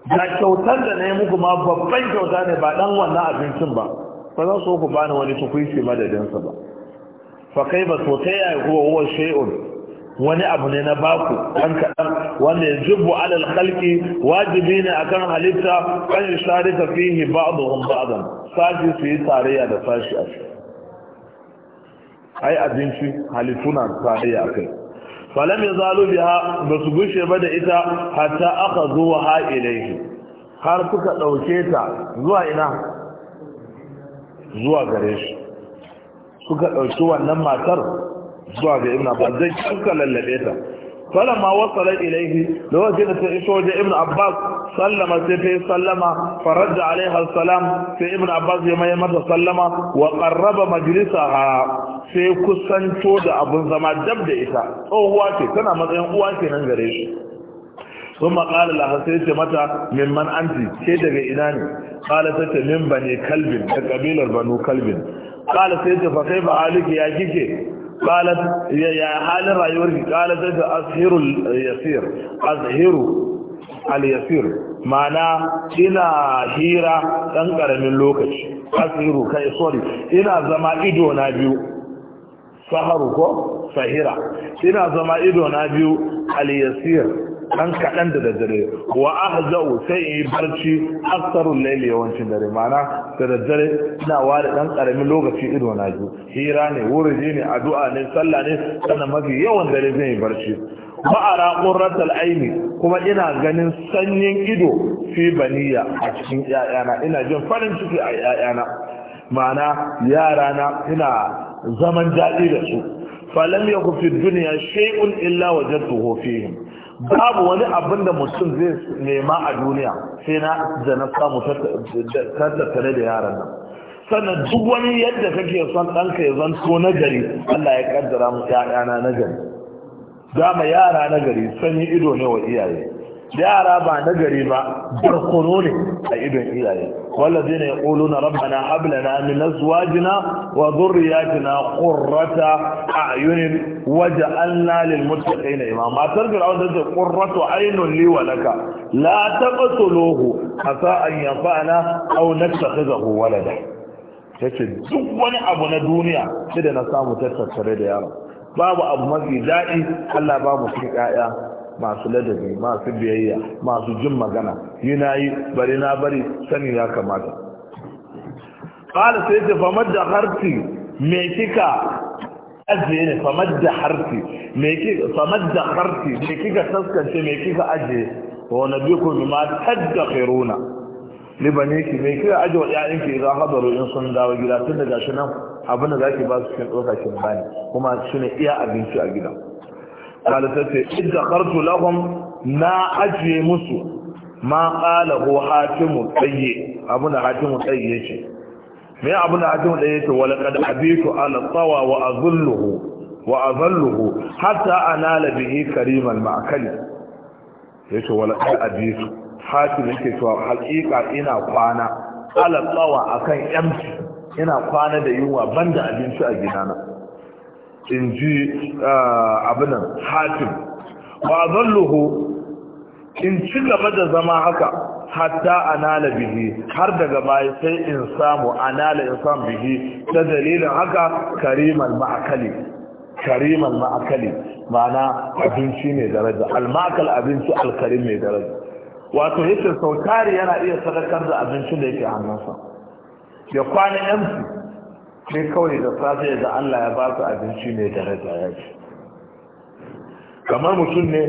S2: da kyautar
S1: da na yi muku ma babban kyauta ne ba ɗan wannan abincin ba ba za so ku ni wani tukwisi madadinsa ba fa kai ba so ta yaya kuwa huwa shay'un wani abu ne na baku ɗan kaɗan wanda ya jibbu alal halki wajibi ne akan halitta kan yi shari ta fihi ba'aduhun ba'adan sashi su yi tarayya da sashi a shi ai abinci halittu na tarayya a kai falam yazalu biha ba su gushe ba da ita hatta aka zuwa ha ilaihi har suka ɗauke ta zuwa ina zuwa gare shi suka dauki wannan matar zuwa ga ibnu abbas zai suka lallabe ta فلما وصل إليه لو جدت إشوج ابن عباس سلم سيفي سلم فرد عليها السلام في ابن عباس يما يمت سلم وقرب مجلسها في كسن تود أبو زما دب إسا أو واتي كان مدين واتي ننجريش ثم قال لها سيتي متى ممن أنت كي دقى إناني قال سيتي من بني كلب كقبيل بنو كلب قال سيتي فكيف عليك يا كيكي qalat ya halin rayuwar ki qalat da azhiru yasir azhiru al yasir ma'ana ina hira ɗan karamin lokaci azhiru kai sorry ina zama ido na biyu saharu ko sahira ina zama ido na biyu aliyasir dan kaɗan da daddare wa ahza'u sai in yi barci aksarun laili yawancin dare mana da daddare ina ware dan karamin lokaci ido na biyu hira ne wuriji ne addu'a ne sallah ne sannan mafi yawan dare zan yi barci ma'ara ƙurratar aini kuma ina ganin sanyin ido fi baniya a cikin 'ya'yana ina jin farin ciki a 'ya'yana ma'ana yarana ina zaman daɗi da su falam ya kufi duniya shay'un illa wajadtuhu fihim babu wani abin da mutum zai nema a duniya sai na da na samu tattare da yaran nan sannan duk wani yadda kake son ɗanka ya zanto na gari Allah ya kaddara mu ƴaƴana na gari dama yara na gari sanyi ido ne wa iyaye yara ba na gari ba barkono ne a idon iyaye wallazi ne yaquluna rabbana hab lana min azwajina wa dhurriyyatina qurrata a'yunin waj'alna lil muttaqina imama matar fir'aun da ce qurratu aynun li wa laka la taqtuluhu asa an yanfa'ana aw nattakhizahu walada tace duk wani abu na duniya sai da na samu tattare da yaro babu abu mafi daɗi Allah ba mu cikin ƴaƴa masu ladabi masu biyayya masu jin magana yi na yi bari na bari sani ya kamata ƙala sai ta famar harfi me kika ajiye ne Famadda harfi me kika famar harfi me kika saskance me kika ajiye wa nabikum ma tadakhiruna libane ki me kika ajiye wa ki idan hadaru in sun dawo gida tun daga shi nan abin da zaki ba su cikin bani kuma shine iya abinci a gida قال سيدي إذ ذكرت لهم ما أجي مسو ما قاله حاتم الطيب أبونا حاتم الطيب شيء ما أبونا حاتم الطيب ولقد أبيت على الطوى وأظله وأظله حتى أنال به كريم المعكل يشو ولقد أبيت حاتم يكتوى حقيقة إنا قانا على الطوى أكن يمشي ina kwana da yunwa banda abinci a gidana in ji ah, abinan hatim ba zalluhu in ci gaba da zama haka hatta anala bihi har daga baya sai in samu anala in samu bihi ta dalilin haka karimal ma'akali karimal ma'akali ma'ana abinci mai daraja al abinci al mai daraja wato yake sautari yana iya sadakar da abincin da yake hannunsa ya kwana yansu sai kawai da safe da Allah ya ba su abinci mai da rajaya ce kamar mutum ne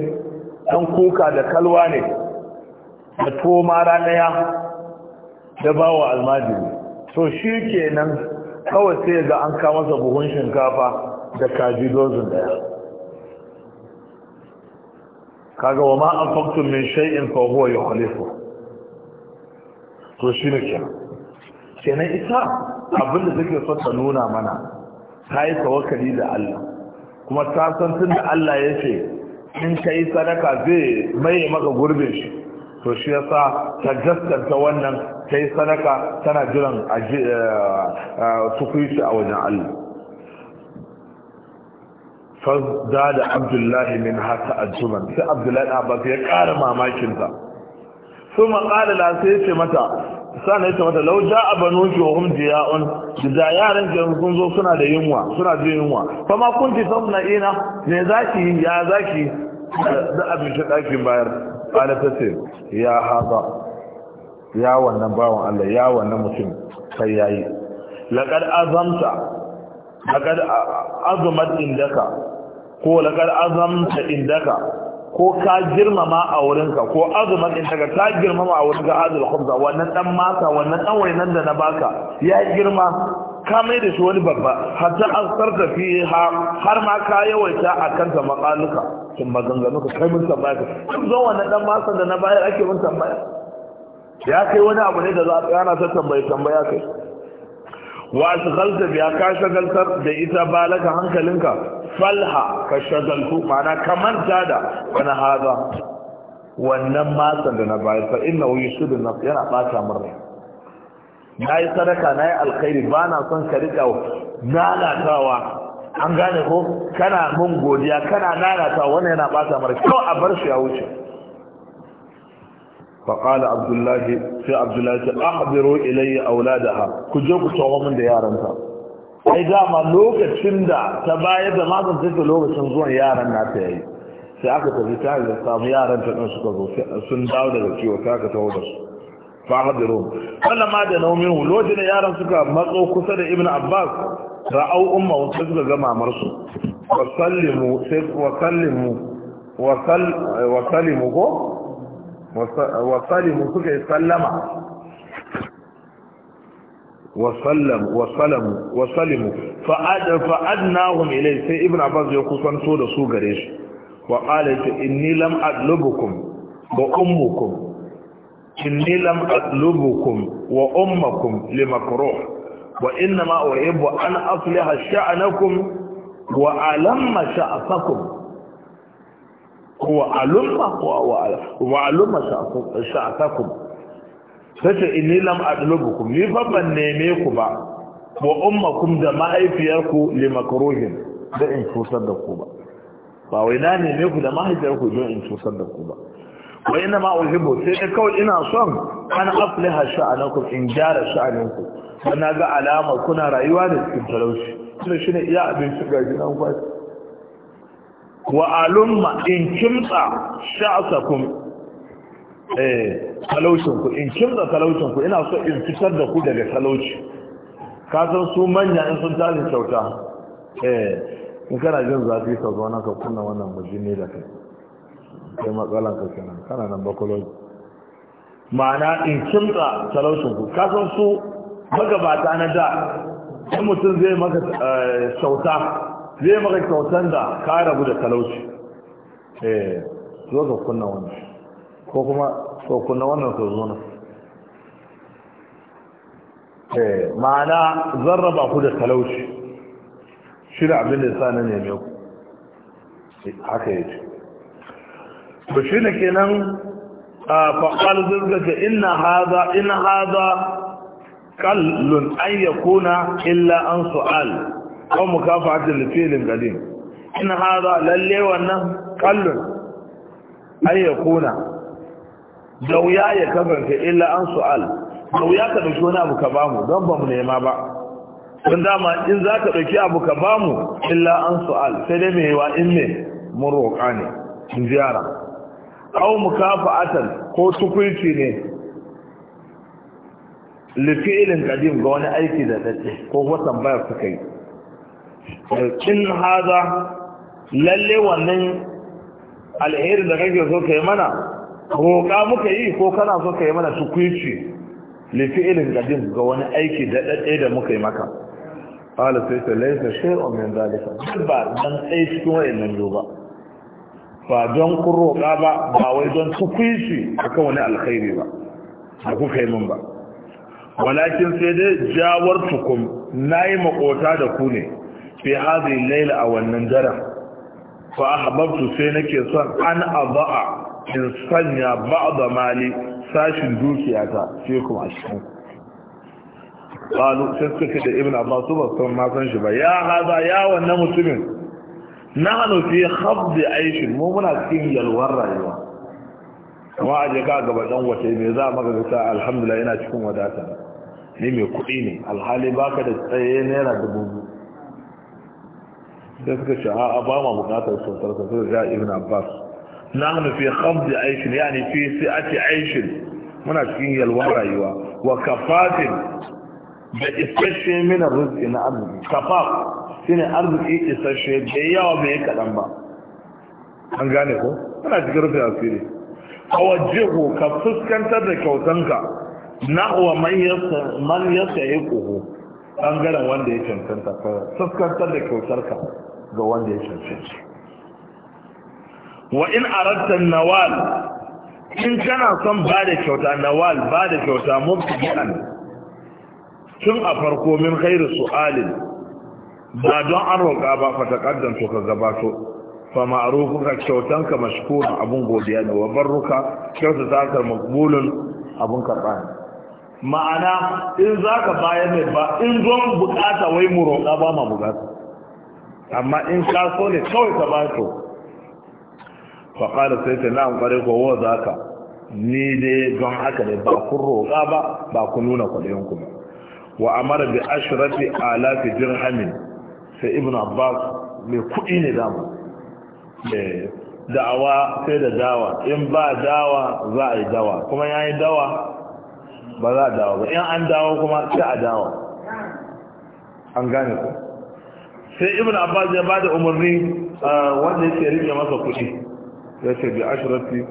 S1: ɗan kuka da kalwa ne da toma ranaya da ba wa almajiri so shi ke nan kawai sai ga an kama sa buhun shinkafa da kaji dozin daya kaga wa ma an faktun min shay'in fahuwa huwa halifu to shi ne kenan kenan ita abinda take so ta nuna mana ta yi tawakkali da Allah kuma ta san tun da Allah ya ce in ka yi sadaka zai maye maka gurbin shi to shi sa ta gaskanta wannan ta yi sadaka tana jiran tukuyi eh, eh, a wajen Allah fazda da abdullahi min haka ajuman sai abdullahi abbas ya ƙara mamakinta su maƙalala sai ya ce mata sana ya mata lau a banu ki wa hum jiya'un da yaran ki sun zo suna da yunwa suna da yunwa fa ma kunti sabna ina ne zaki ya zaki da abin shi dakin bayar ala tace ya hada ya wannan bawon Allah ya wannan mutum kai yayi laqad azamta laqad azumat indaka ko laqad azamta indaka ko ka girmama a wurinka ko azumin din daga ta girmama a wurinka azul khubza wannan dan maka wannan dan wainan da na baka ya girma ka mai da shi wani babba hatta an sarta fi har ma ka yawaita a kanta makaluka kin maganganu ka kai mun tambaya ka zo wannan dan masa da na bayar ake mun tambaya ya kai wani abu ne da za a tsaya ta tambaye tambaya kai wa ashghalta biya ka shagaltar da ita balaka hankalinka falha ka shagaltu mana kamar da wani haza wannan matsan da na bayar fa inna wuyi shudun na yana ɓata murna na yi sadaka na yi alkhairi ba na son ka riƙa an gane ko kana mun godiya kana lalata wannan yana ɓata mara kyau a bar shi ya wuce faƙala abdullahi sai abdullahi ta ahbiru ilayya auladaha ku je ku tawo min da yaranta ai dama lokacin da ta bayar da mazan take lokacin zuwan yaran ta yayi sai aka tafi ta da samu yaran ta dan suka zo sun dawo daga ciwo ta aka taho da su fa hadiru wannan ma da naumin lokacin da yaran suka matso kusa da ibnu abbas ra'au umma wasu suka ga mamar su wa sallimu sai wa sallimu wa sallimu ko wa sallimu suka sallama wasallam wasallam wasalimu fa adnahum ilay sai ibn abbas ya kusanto da su gare shi wa qala inni lam adlubukum wa ummukum inni lam adlubukum wa ummakum limakruh wa inna ma uhibbu an asliha sha'nakum wa alamma sha'fakum هو علم وعلم شعثكم sace inni lam adlubukum ni fa ban neme ku ba wa ummakum da mahaifiyarku li makruhin da in cutar da ku ba ba wai na neme ku da mahaifiyarku don in cutar da ku ba wa ina ma uhibbu sai dai kawai ina son an afliha sha'anakum in gyara sha'aninku dan ga alama kuna rayuwa da cikin talauci kuma shine iya abinci ga gidan kwaci wa alumma in kimsa sha'asakum Eh, talaucinku in kimza talaucinku ina so in fitar da ku daga talauci ka san su manya in sun tashi kyauta eh, in kana jin zafi ka zo na ka kunna wannan mujini da kai sai matsalan ka kenan kana nan bakoloji ma'ana in kimza talaucinku ka san su magabata na da in mutum zai maka eh, kyauta zai maka kyautan da ka rabu da talauci eh zo ka kunna wannan ko kuma so na wannan ko zo eh, ma'ana zarraba ku da talauci shi abin da ya sa nan ne ku eh, haka ce. Ba shi ne kenan فقال ذلك إن هذا إن an قل أن يكون إلا أن سؤال أو مكافعة لفعل قديم إن هذا للي وأنه قل ya kuna. da wuya ya kasance illa an su'al da wuya ka dauki wani abu ka bamu don ba mu nema ba don dama in za ka dauki abu ka bamu illa an su'al sai dai mai yawa in ne mun roƙa ne in ziyara au atal ko tukuici ne lifi'ilin kadim ga wani aiki da dace ko watan bayar suka kai in haza lalle wannan alheri da kake so kai mana roƙa muka yi ko kana so ka yi mana tukwici lifi'ilin gajin ga wani aiki da ɗaɗɗe da muka yi maka ƙwala sai ta laisa o min zalika ba don tsaye cikin wa'annan ba ba don kun roƙa ba ba wai don tukwici kan wani alkhairi ba da kuka yi min ba walakin sai dai jawar tukun na yi makota da ku ne fi hazi laila a wannan daren fa ahbabtu sai nake son an aba'a in sanya ba'da mali sashin dukiyata ce kuma a cikin qalu sai suka ce da ibn abbas ba san ma san shi ba ya hada ya wannan mutumin Na hannu fi khabd aishin mu muna cikin yalwar rayuwa kuma aje ka gaba dan wace me za maka ga alhamdulillah ina cikin wadata ni mai kuɗi ne alhali baka da tsaye naira dubu sai suka ce a ba ma bukatar sautar sautar da ibn abbas nahnu fi khamdi aishin yani fi si'ati aishin muna cikin yalwar rayuwa wa kafatin da isasshe mina rizki na arziki kafaf shine arziki isasshe bai yawa bai kaɗan ba an gane ko muna cikin rufin asiri kawajjihu ka fuskantar da kyautanka na'uwa man ya sayi ƙuhu ɓangaren wanda ya cancanta ka fuskantar da kyautarka ga wanda ya cancanta wa in aradta nawal in kana son ba da kyauta nawal ba da kyauta mubtian tun a farko min khairu su'alin ba don an roƙa ba fa taqaddam to ka gabato fa ma'rufuka kyautanka mashkur abun godiya ne wa barruka kyauta ta makbulun abun karɓa ne ma'ana in za ka bayar ne ba in zo bukata wai mu roƙa ba ma bukata amma in ka so ne kawai ka ba to faƙalar sai ta na'am ƙwarai ko wa za ka ni dai don haka ne ba kun roƙa ba ba kun nuna kwaɗayenku ba wa amara bi a alafi dirhamin sai ibn abbas mai kuɗi ne dama da'awa sai da dawa in ba dawa za a yi dawa kuma ya yi dawa ba za a dawa ba in an dawa kuma sai a dawa an gane ku sai ibn abbas ya ba da umarni wanda yake rike masa kuɗi ya ce bi ashirarci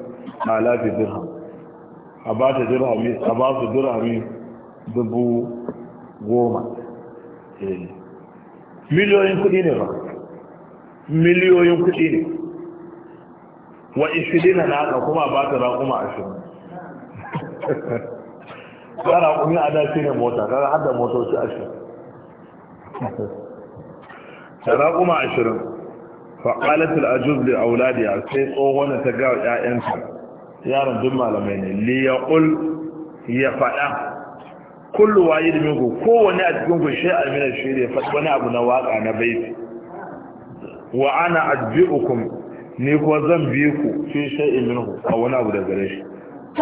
S1: a lafi dirham a ba ta dirhami a su dirhami dubu goma eh. miliyoyin kudi ne ba miliyoyin kudi ne wa ishirina na aka kuma ba ta raƙuma ashirin [LAUGHS] ba raƙumi a dace ne mota kada hada motoci ashirin [LAUGHS] raƙuma ashirin faƙalatul ajuz da auladiya sai tsohon ta ga ‘ya'yansa yaran duk malamai ne liyakul ya faɗa kullu waye da minku kowane a cikin ku shi almina shi ya faɗi wani abu na waka na baiti wa ana ajbi'ukum ni kuma zan bi ku fi shay'in minhu a wani abu da gare shi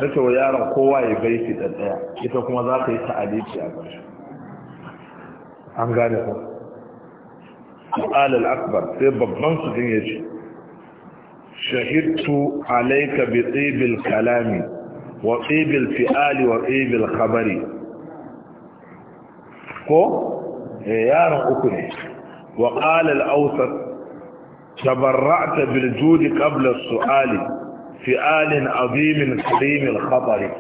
S1: nace yaron kowa ya baiti ɗan ɗaya ita kuma za ka yi ta'aliki a ƙarshe an gane ku قال الأكبر في ببان يجي شهدت عليك بطيب الكلام وطيب الفئال وطيب الخبر كو يا أكني وقال الأوسط تبرعت بالجود قبل السؤال فئال عظيم كريم الخبر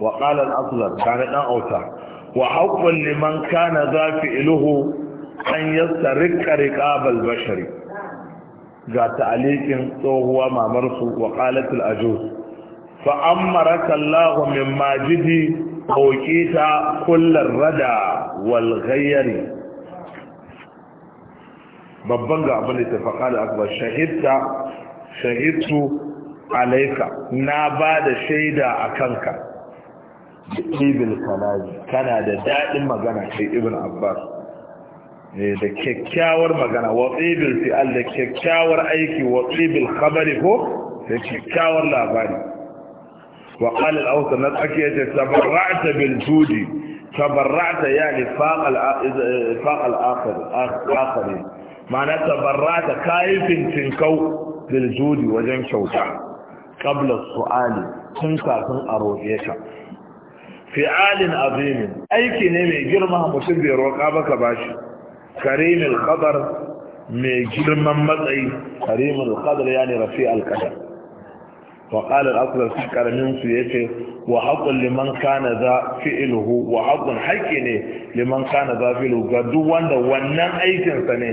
S1: وقال الأصلر كان أوسط وحقا لمن كان ذا فعله an yasta rika ƙabal bashari ga ta'alikin tsohuwa mamarsu wa qalatul ajuz fa ammaraka Allahu min majidi ta kullar rada wal ghayri babban ga abin da ta faɗa akbar shahidta shahidtu alaika na ba da shaida a kanka ibn kana da daɗin magana kai ibn abbas Eh, da kyakkyawar magana watsibil fi'al da kyakkyawar aiki watsibil khabari ko da kyakkyawar labari wa qala al-aws na tsakiya ta tabarra'ta bil judi tabarra'ta yani faqal eh, faqal akhir akhir ma'ana tabarra'ta kayfin tinkau bil judi wajen kyauta qabla su'ali tun kafin a roƙe ka fi'alin azimin aiki ne mai girma mutum bai roƙa baka shi. karimul qadar mai girman matsayi karimul ya yani rafi al-qadar wa al-asl fi karamin su yace wa haqqun liman kana za fi'luhu wa haqqun haqqi ne liman kana za fi'luhu ga duk wanda wannan aikinsa ne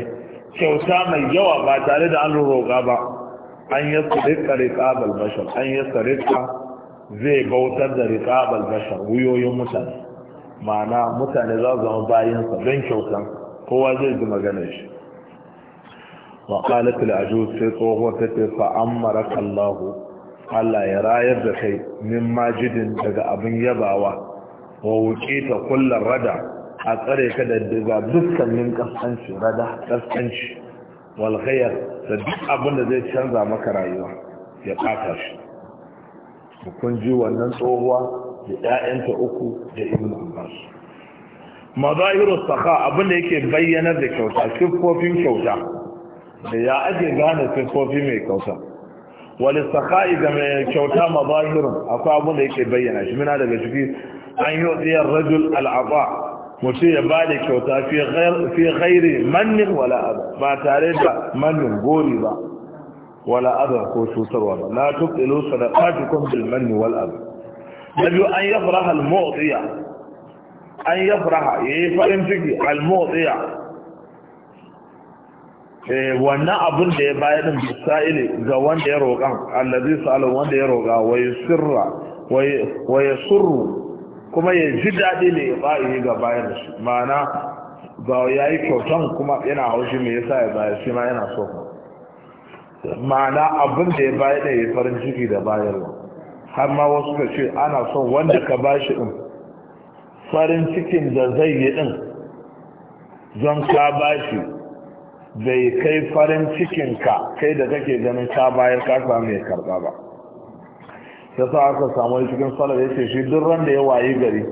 S1: kyauta mai yawa ba tare da an roƙa ba an yi tsarika riƙaɓar bashar an yi tsarika zai bautar da riƙaɓar bashar wuyoyin mutane ma'ana mutane za su zama bayansa don kyauta. kowa zai ji maganar shi wa qalat al-ajuz sai tsohuwar ta ce fa ammaraka Allah Allah ya rayar da kai min majidin daga abin yabawa wa wuqita kullar rada a tsare ka da daga dukkanin kaskanci rada kaskanci wal ghayr da duk abin da zai canza maka rayuwa ya kata shi kun ji wannan tsohuwa da 'ya'yanta uku da ibnu abbas mazahiru saka abinda yake bayyanar da kyauta siffofin kyauta da ya ake gane siffofi mai kyauta wani saka ga mai kyauta mazahirun akwai abinda yake bayyana shi muna daga ciki an yi tsayar rajul al'aba mutum ya ba da kyauta fi ghairi mannin wala ba tare da mannin gori ba wala adar ko cutarwa ba la tuqilu sadaqatukum bil manni wal adar nabi an yafraha al mu'tiya an ya yi farin ciki al-mu'tiya eh wannan abun da ya bayar din bisaili ga wanda ya roƙan allazi sa'ala wanda ya roƙa wa yusirra wa yasurru kuma ya ji dadi ne ya yi ga bayar shi ma'ana ba yayi kyautan kuma yana haushi me yasa ya bayar shi ma yana so ma'ana abin da ya bayar da ya farin ciki da bayarwa har ma wasu ka ce ana son wanda ka bashi din farin cikin da zai yi din zan ka shi bai kai farin cikin ka kai da kake ganin ka bayar ka samu ya karɓa ba ta sa aka samu cikin salar ya ce shi duk ran da ya wayi gari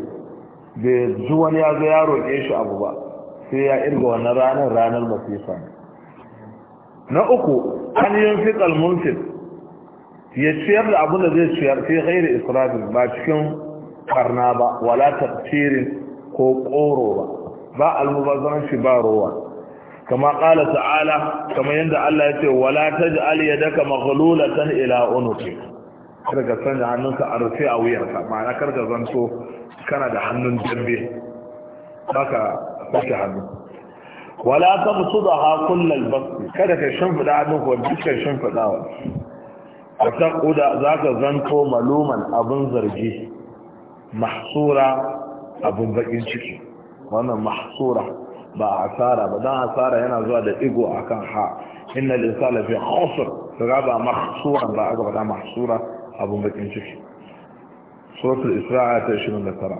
S1: bai ji wani ya zo ya roƙe shi abu ba sai ya irga wannan ranar ranar masifa na uku an yin fiƙal ya ciyar da abin da zai ciyar sai gairi isra'il ba cikin karna ba wala tafsirin ko koro ba ba almubazzaranci ba rowa kama ƙala ta'ala kama yadda Allah ya ce wala taj'al yadaka maghlulatan ila unuki karka sanya hannunka a rufe a wuyarka ma'ana karka zanto kana da hannun dambe baka sake hannu wala tabsudaha kullal basti kada ka shimfida hannunka wa dukkan shimfidawa wata kuda zaka zanto maluman abin zargi mahsura abun bakin ciki wannan mahsura ba a asara ba don asara yana zuwa da digo akan ha innal insana fi khusr kaga ba mahsura ba a aka faɗa mahsura abun bakin ciki suratul isra'a ta tara. 29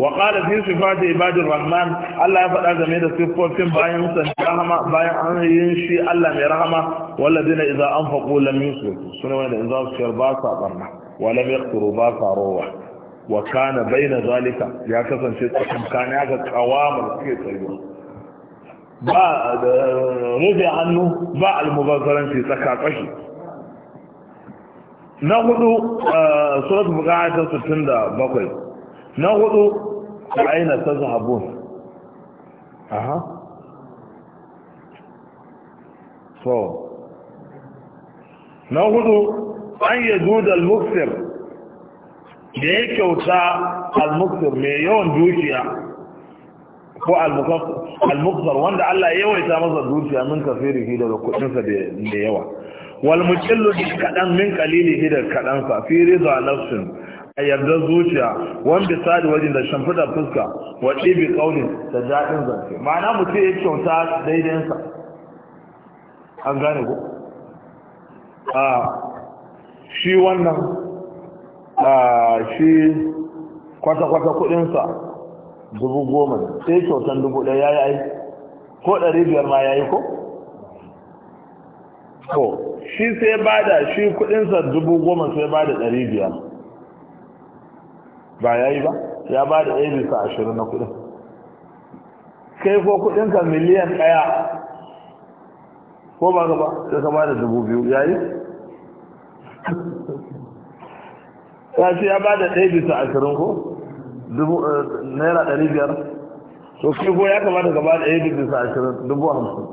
S1: وقال في صفات Rahman, Allah ya faɗa game da siffofin bayan san rahama bayan an yin shi Allah mai rahama walladina idza anfaqu lam yusrifu sunan wanda idza su ba sa barna wala mai yaqturu ba sa rowa wa kana baina zalika ya kasance tsakankanin aka kawamar suke tsayuwa ba rufe hannu ba almubazzaranci tsaka tsashi na hudu surat bukatar 67 na hudu aina ta zahabun aha so na hudu an yi dudal mufsir da ya kyauta almuktar mai yawan dukiya ko almuktar wanda Allah ya yawaita masa dukiya min kafirihi daga kudinsa da yawa walmukillu mujallu kaɗan min qalilihi da kaɗansa, fa fi ridha nafsin a yarda zuciya wanda da wajen da shan fitar fuska wa ɗibi ƙaunin da daɗin zance ma'ana mutum ya kyauta daidainsa an gane ku. a shi wannan shi kwata-kwata kudinsa dubu goma sai kyautan dubu ɗaya ya yi ko ɗari biyar ma ya yi ko? Ko shi sai ba da shi kudinsa dubu goma sai ba da ɗari biyar ba ya yi ba ya ba da ɗari bisa ashirin na kudin kai ko kudinka miliyan ɗaya ko ba ba sai ka ba da dubu biyu ya yi? ce ya ba da ɗaya bisa ashirin ko eh, naira ɗari biyar to ke ko ya kamata gaba da ɗaya bisa ashirin dubu hamsin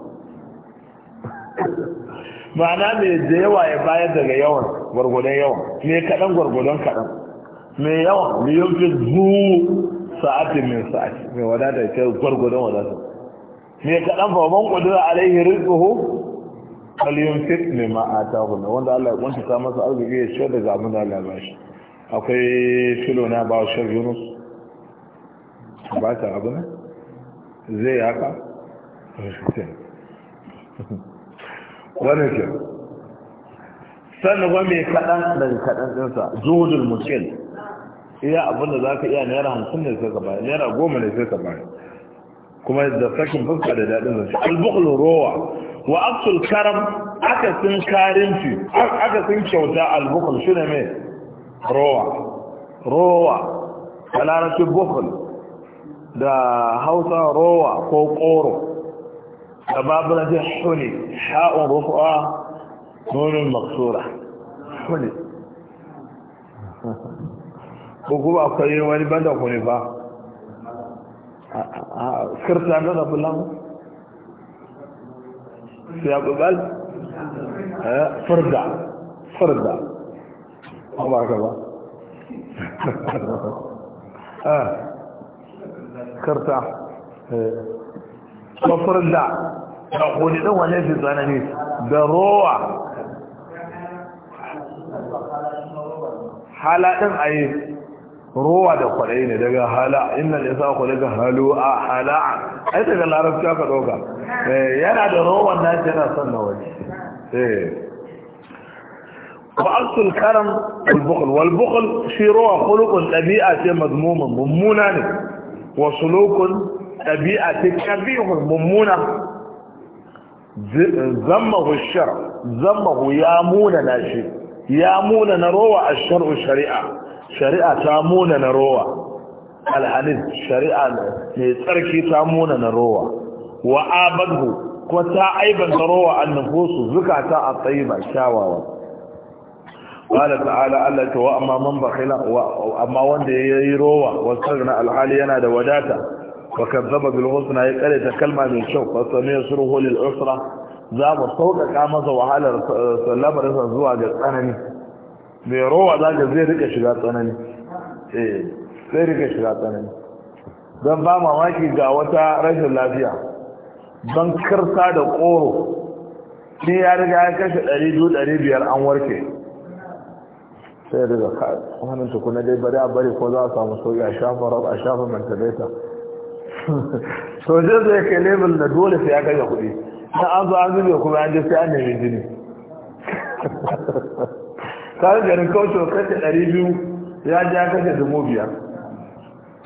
S1: [LAUGHS] ma'ana mai da yawa ya bayar daga yawan gwargwadon yawan mai kaɗan gwargwadon kaɗan mai yawan miliyan fi zuwa sa'adin mai sa'ati mai wadata ce gwargwadon wadata mai kaɗan hirin tsoho ƙudura fit rizquhu ma'a ta hunna wanda Allah ya ta masa arziki ya ce daga abin da Allah ya bashi akwai filo na ba shi yunus ba ta abu ne zai haka wani ke sannan ba mai kaɗan daga kaɗan ɗinsa zuhudul mutum iya abinda za ka iya naira hamsin ne sai ka bayan naira goma ne sai ka bayan kuma da sakin fuska da daɗin zance albukul rowa wa aksul karam aka sun karinci aka sun kyauta albukul shi ne mai rowa rowa da larabci bukhul da hausa rowa ko koro da babulanci huni sha'un rufuwa nunin maksura huni ko kuma akwai wani banda huni ba kirta na bulan siya bubal furda furda ba ka ba [LAUGHS] ah. karta eh. kafar da a kone ɗan wane fi tsanani da rowa hala a yi rowa da kwaɗayi ne daga hala inna da sa kwaɗe ga halu a hala ai daga larabci aka ɗauka eh, yana da rowan nashi yana son na wani eh. وعكس الكرم والبخل والبخل روح خلق طبيعة مذمومة ممونة وسلوك طبيعة كبيرة ممونة ذمه الشرع ذمه يامون ناشي يامون نروى الشرع شريعة شريعة تامون نروى الحديث شريعة تركي تامون نروى وآبده وتعيبا نروى النفوس زكاة الطيبة شاواوا qala ta'ala Allah ta wa amma man bakhila amma wanda yayi rowa wa sagna alhali yana da wadata wa kazzaba bil husna ya kare ta kalma mai kyau fa samiya suruhu lil usra za mu sauƙaƙa masa wahalar lamarinsa zuwa ga tsanani mai rowa za ka zai rika shiga tsanani eh zai rika shiga tsanani don ba mamaki ga wata rashin lafiya don karsa da koro ne ya riga ya kashe 200-500 an warke sai daga wani tukuna dai bari a bari ko za a samu sauyi a shafa rab a shafa mantabeta sojan zai kai level da dole sai ya gaga kuɗi na an zo an zube kuma an je sai an nemi jini [LAUGHS] kawai garin kaucewa kashe ɗari biyu ya ji kashe dubu biyar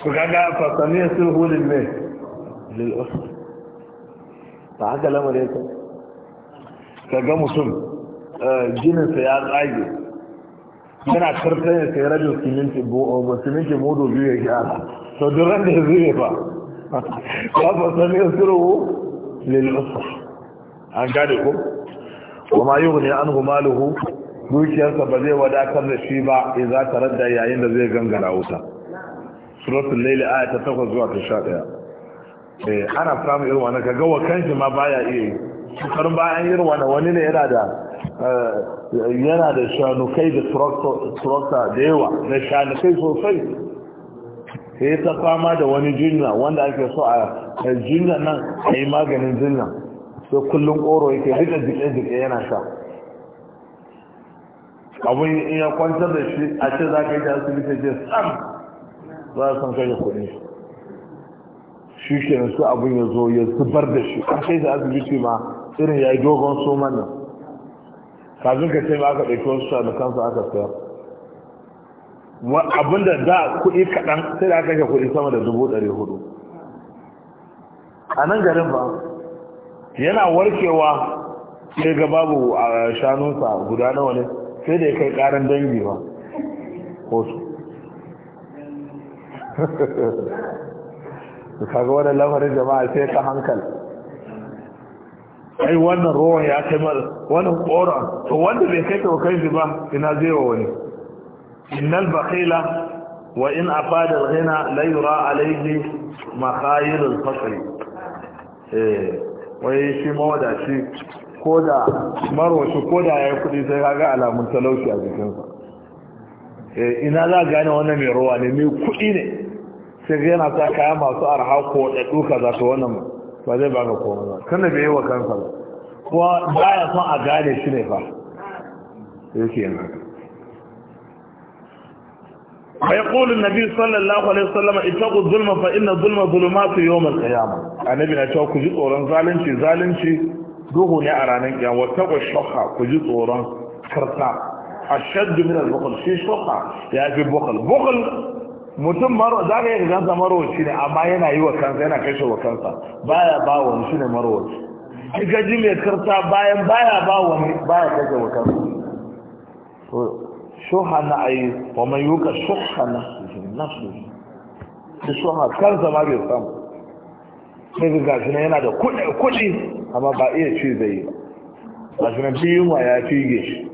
S1: su gaga fasamiyar sulhulin mai lil'usu ba haka lamarin ka ga mutum eh, jininsa ya tsage yana karfin ya sai rabin siminti modo biyu ya gyara to duran da ya ba ba ya fa sami ne, sirowo lil'usa an gane ko kuma yau ne an humaluhu dukiyarsa ba zai wadatar da shi ba in za ta radda yayin da zai gangara wuta suratul layl aya ta takwas zuwa ta sha ɗaya eh, ana samun irwana na kaga wa kanshi ma baya iya yi karin bayan irwana wani ne yana da Eh, yana da shanukai da turokta da yawa da shanukai sosai yi ta fama da wani jinna wanda ake so a jinna nan a yi maganin jinna sai kullum koro yake rika jike-jike yana sha abin iya kwantar da shi a ce za ka yi da asibiti ce sam za a san kashe kudin shi shi ke su abin ya zo ya zubar da shi an kai da asibiti ma irin ya yi dogon soman nan kazin ka ce ma aka ɗauki wasu shanukan kansu aka sayar abinda da kuɗi kaɗan sai da aka kuɗi sama da dubu ɗari hudu a nan garin ba yana warkewa sai ga babu a shanunsa guda nawa ne sai da ya kai ƙarin dangi ba ko su [LAUGHS] kaga wani lamarin jama'a sai ka hankali ai wannan ruwan ya kai mara wannan koran to wanda bai kai kawo kai ba ina zai wa wani innal bakhila wa in afada alghina la yura alayhi makhayir al eh wai shi shi koda marwashi koda yayi kudi sai kaga alamun talauci a jikinsa eh ina za gane wannan mai ruwa ne mai kudi ne sai yana sa kaya masu arha ko da duka za ta wannan ba zai ba ka koma ba kana bai wa kansa ba kuwa ba ya son a gane shi ne ba yake yana ba ya ƙulun na biyu sallallahu alaihi sallama ita ku zulma fa ina zulma zulma su yi omar kayama a nabi na cewa ku ji tsoron zalunci zalunci duhu ne a ranar kiyan wata ku shokha ku ji tsoron karta a shaddu minar bukul shi shokha ya fi bukul bukul mutum maro za ka yi maro marowaci ne amma yana yi wa kansa yana kashe wa kansa baya ba wani shi ne marowaci shi gaji mai karta bayan baya ba wani baya kashe wa kansa shuha a yi wa mai yuka shuha na nafsu shi shuha kansa ma bai samu sai ga gashi yana da kuɗi kuɗi amma ba iya ci zai yi ba gashi na biyun wa ya fi shi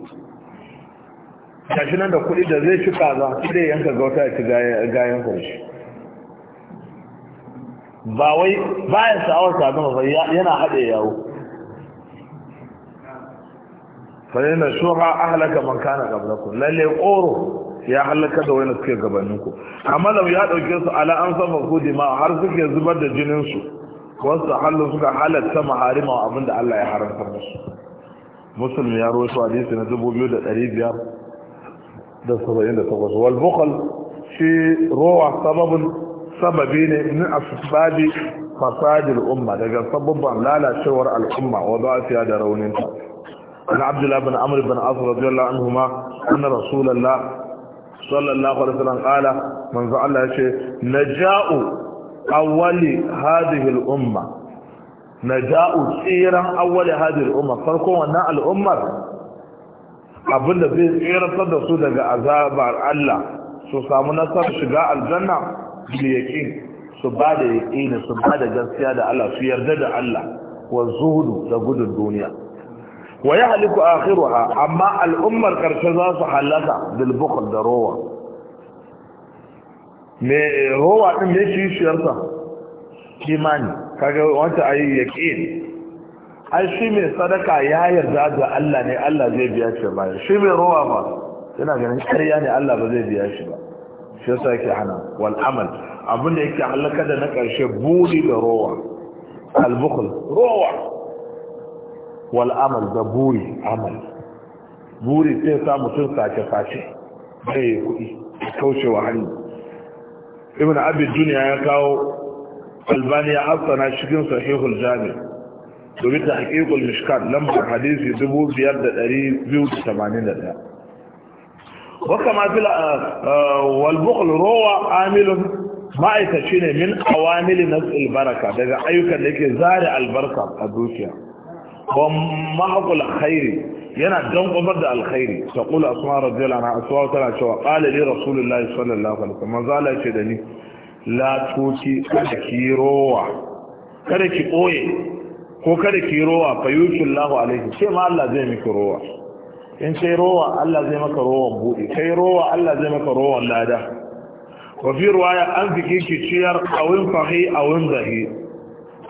S1: gashi nan da kuɗi da zai ci kaza sai yanka gauta ya ci gayan kwanci ba wai bayan sa'awar saduma ba yana haɗe yawo fari na shura ahalaka man kana gabrakun lalle ƙoro ya halaka da wani suke gabaninku amma da ya ɗauke su ala an safa kudi ma har suke zubar da jininsu wasu halin suka halatta maharima abinda Allah ya haramta musu musulmi ya roshi hadisi na 2500 da saba'in da takwas wal bukal shi rowa sababin sababi ne min asbabi fasadil umma daga sababban lalacewar al'umma wa da'afiya da rauninta an abdullah bin amr bin asr radiyallahu anhuma anna rasulullah sallallahu alaihi wasallam qala manzo Allah yace naja'u awwali hadhihi al-umma naja'u tsiran awwali hadhihi al-umma farko wannan al'ummar abin da zai tseratar da su daga azabar Allah su samu nasarar shiga aljanna bil su ba da ne su ba da gaskiya da Allah su yarda da Allah wa zuhudu da gudun duniya wa yahliku akhiruha amma al'ummar karshe za su halaka bil bukhl da rowa me rowa din ne shi shiyarsa kimani kaga wanda ayi yaqini ai shi mai sadaka ya yarda da Allah ne Allah zai biya shi ba shi mai ruwa ba yana ganin ƙarya ne Allah ba zai biya shi ba shi yasa yake hana wal amal abin da yake halaka da na ƙarshe buri da ruwa al bukhl ruwa wal amal da buri amal buri sai sa mutum sace sace bai kuɗi wa hannu ibn abi dunya ya kawo albani ya afsana cikin sahihul jami' domin ta haƙiƙul mishkan lambar hadisi 5,281 waka mafi walbukul rowa amilun ma'aikaci ne min awamili na albarka daga ayyukan da ke zare albarka a dukiya wa mahakul khairi yana don kwamar da alkhairi ta kula asuma radiyala na asuwa tana cewa ƙalili rasulullahi sallallahu alaihi wasallam zala ce da ni la tuki kada ki rowa kada ki ɓoye ko kada ki rowa fa yukin lahu alaihi ce ma Allah zai miki rowa in kai rowa Allah zai maka rowan buɗe kai rowa Allah zai maka rowan lada wa fi ruwaya an fiki ki ciyar awin fahi awin zahi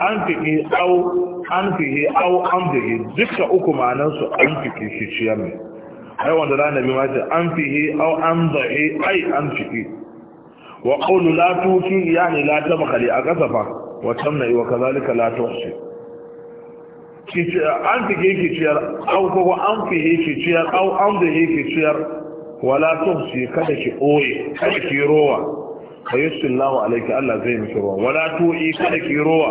S1: an fiki au an fihi au an fihi duka uku ma'anar su an fiki ki ciyar ne ai wanda da nabi ma ce an fihi au an zahi ai an fiki wa qawlu la tuti yani la tabkhali a kasafa wa tamna wa kadhalika la tuhsi an fige ki ciyar au kuma an fihe ki ciyar au an fihe ki ciyar wala tuhsi kada ki oye kada ki rowa fa yusillahu alayki Allah zai miki rowa wala tu'i kada ki rowa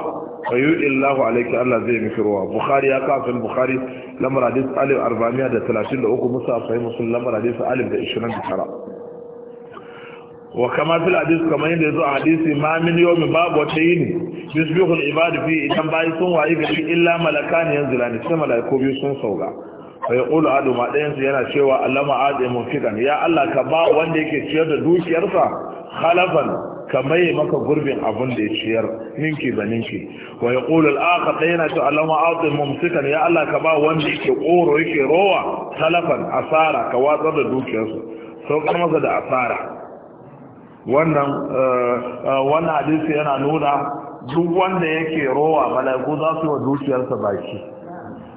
S1: fa yu'illahu alayki Allah zai miki rowa bukhari ya kafa bukhari lamar hadis alif 433 musa sahih muslim lamar hadis alif da 29 wa kama fil hadis kamar yadda yazo a hadisi ma min yomi babu wata yini yusbihu al ibad fi idan bayi sun wayi gari illa malakan yanzilani sai malaiku biyu sun sauka sai qulu adu ma dayan su yana cewa allama azimun fitan ya allah ka ba wanda yake ciyar da dukiyarsa halafan ka yi maka gurbin abun da ya ciyar ninki ba ninki wa ya ƙulu al'aka ɗaya na ce alama autun mumsikan ya Allah ka ba wanda yake ƙoro yake rowa talafan asara ka watsar da dukiyarsu saukar masa da asara wannan eh, eh, wannan hadisi yana nuna duk wanda yake rowa mala'iku za su yi wa dukiyarsa baki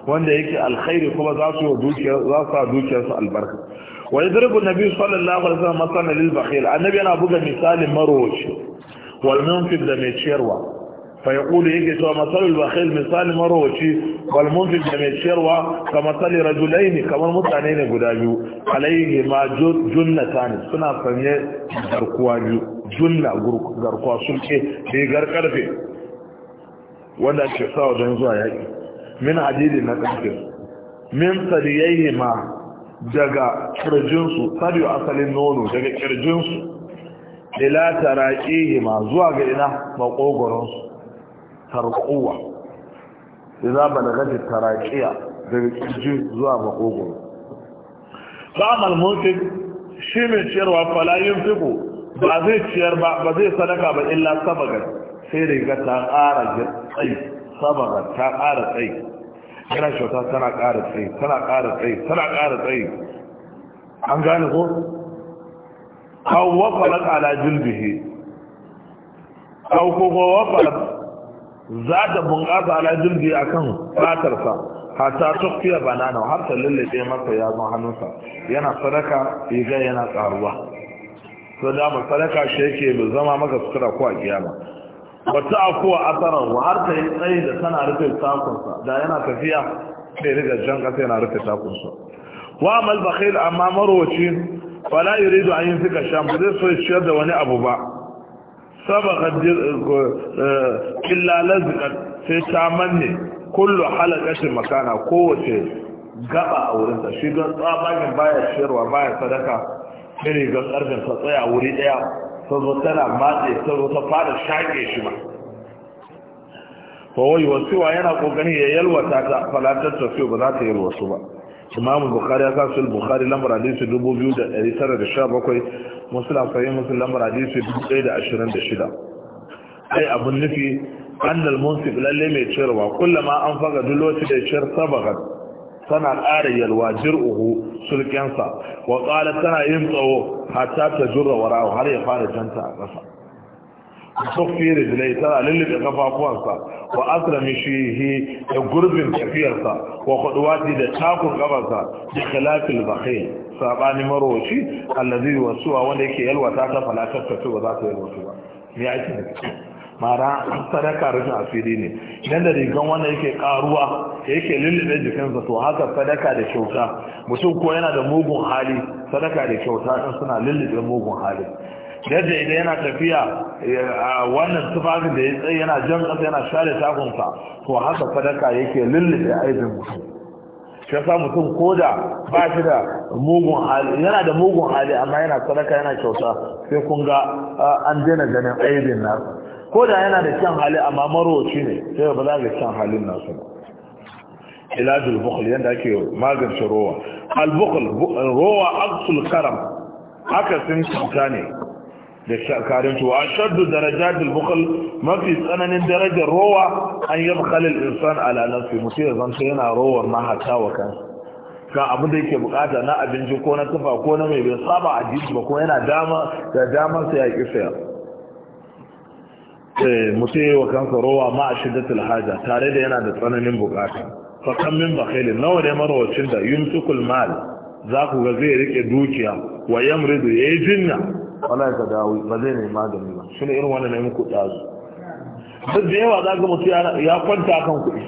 S1: wanda yake alkhairi kuma za su yi wa dukiyarsa albarka wa idribu nabi sallallahu alaihi wasallam masalan lil bakhil annabi yana buga misalin marowaci wal munfid da mai ciyarwa fa yaqulu yake cewa masalul bakhil misali marwaci wal munfil da mai ciyarwa ka masali rajulaini kamar mutane ne guda biyu alaihi ma junnatani suna sanye garkuwa biyu junna garkuwa sulke rigar karfe wanda ke sa wajen zuwa yaƙi min hadidi na ƙarfe. min sariyaihi ma daga kirjinsu sariyo asalin nono daga kirjinsu ila taraƙihi ma zuwa ga ina maƙogoronsu tarquwa idza balagati taraqiya daga kirji zuwa makogoro ba'mal mutin shi mai ciyarwa fala yunfiqu ba zai ciyar ba ba zai sadaka ba illa sabaga sai riga ta ƙara tsayi sabaga ta ƙara tsayi yana shauta tana ƙara tsayi tana ƙara tsayi tana ƙara tsayi an gane ko kawo wafalar ala jilbihi kawo kogo wafalar za ta bunƙasa ala jirgi a kan fatarsa hata tafiya banana har ta lullube masa zo hannunsa yana sadaka iga yana ƙaruwa to da mu sadaka shi yake zama maka sutura ko a kiyama ba ta a tsaron wa har ta yi tsayi da tana rufe takunsa da yana tafiya sai riga jan ƙasa yana rufe takunsa wa amal bakhil amma marwaci fala yuridu an yunfika shan ba zai so ya ciyar da wani abu ba sabaka illa lazqat sai ta manne kullu halaqatin makana kowace gaba a wurin ta shi don tsabanin baya shirwa baya sadaka sai ga karfin ta tsaya wuri daya sai tana matse zo ta fara shake shi ba fa yana kokarin ya yalwata ta falatar tafiyo ba za ta yi wasu ba imam bukhari ya kasu bukhari lambar hadisi 2917 muslim sahih muslim lambar hadisi 1026 ai abin nufi annal munsif lalle mai cirwa kullama an faga duk lokaci da cir sabagat tana ƙara yalwa jir'uhu sulkensa wa tana yin tsawo hatta ta jurra wara'u har ya fara janta a ƙasa suffi rijilai tana lullube kafafuwansa wa asrami shihi da gurbin tafiyarsa wa kuduwati da takun kafarsa da kalafil bakai sabani marowaci allazi suwa wanda yake yalwata ta falatar ta ba za ta yalwata ba ya ake mara sadaka rashin asiri ne idan da rigan wanda yake karuwa da yake lullube jikinsa to haka sadaka da kyauta mutum ko yana da mugun hali sadaka da kyauta in suna lullube mugun hali yadda idan yana tafiya eh, a wannan tufafin da ya tsaye yana jan ƙasa yana share takunsa to haka sadaka yake lullube aibin mutum shi yasa mutum ko da ba shi da mugun hali yana da mugun hali amma yana sadaka yana kyauta sai kun ga an daina ganin aibin nasu. ko da yana da kyan hali amma maroci ne sai ba za ga kyan halin nasu ba ilajul bukhl yanda ake magance rowa al bukhl rowa aksul karam haka sun kyauta ne da shakarin cewa ashaddu darajatul bukhl mafi tsananin darajar rowa an yi al insan ala nafsi mutum ya zanto yana rowar mahata wa kansa kan abin da yake bukata na abinci ko na tufa ko na mai bai saba a jiki ba ko yana dama da damar sai ya ki saya eh, mutum yi wa rowa ma a shiddatul haja tare da yana da tsananin bukata fakan min nawa ne marawacin da yumtukul mal za ku ga zai rike dukiya wa yamridu yayi jinna wala ka dawo ba zai nemi magani ba shi ne irin wannan nemi kuɗi a zu duk da yawa za ka mutu ya kwanta kan kuɗi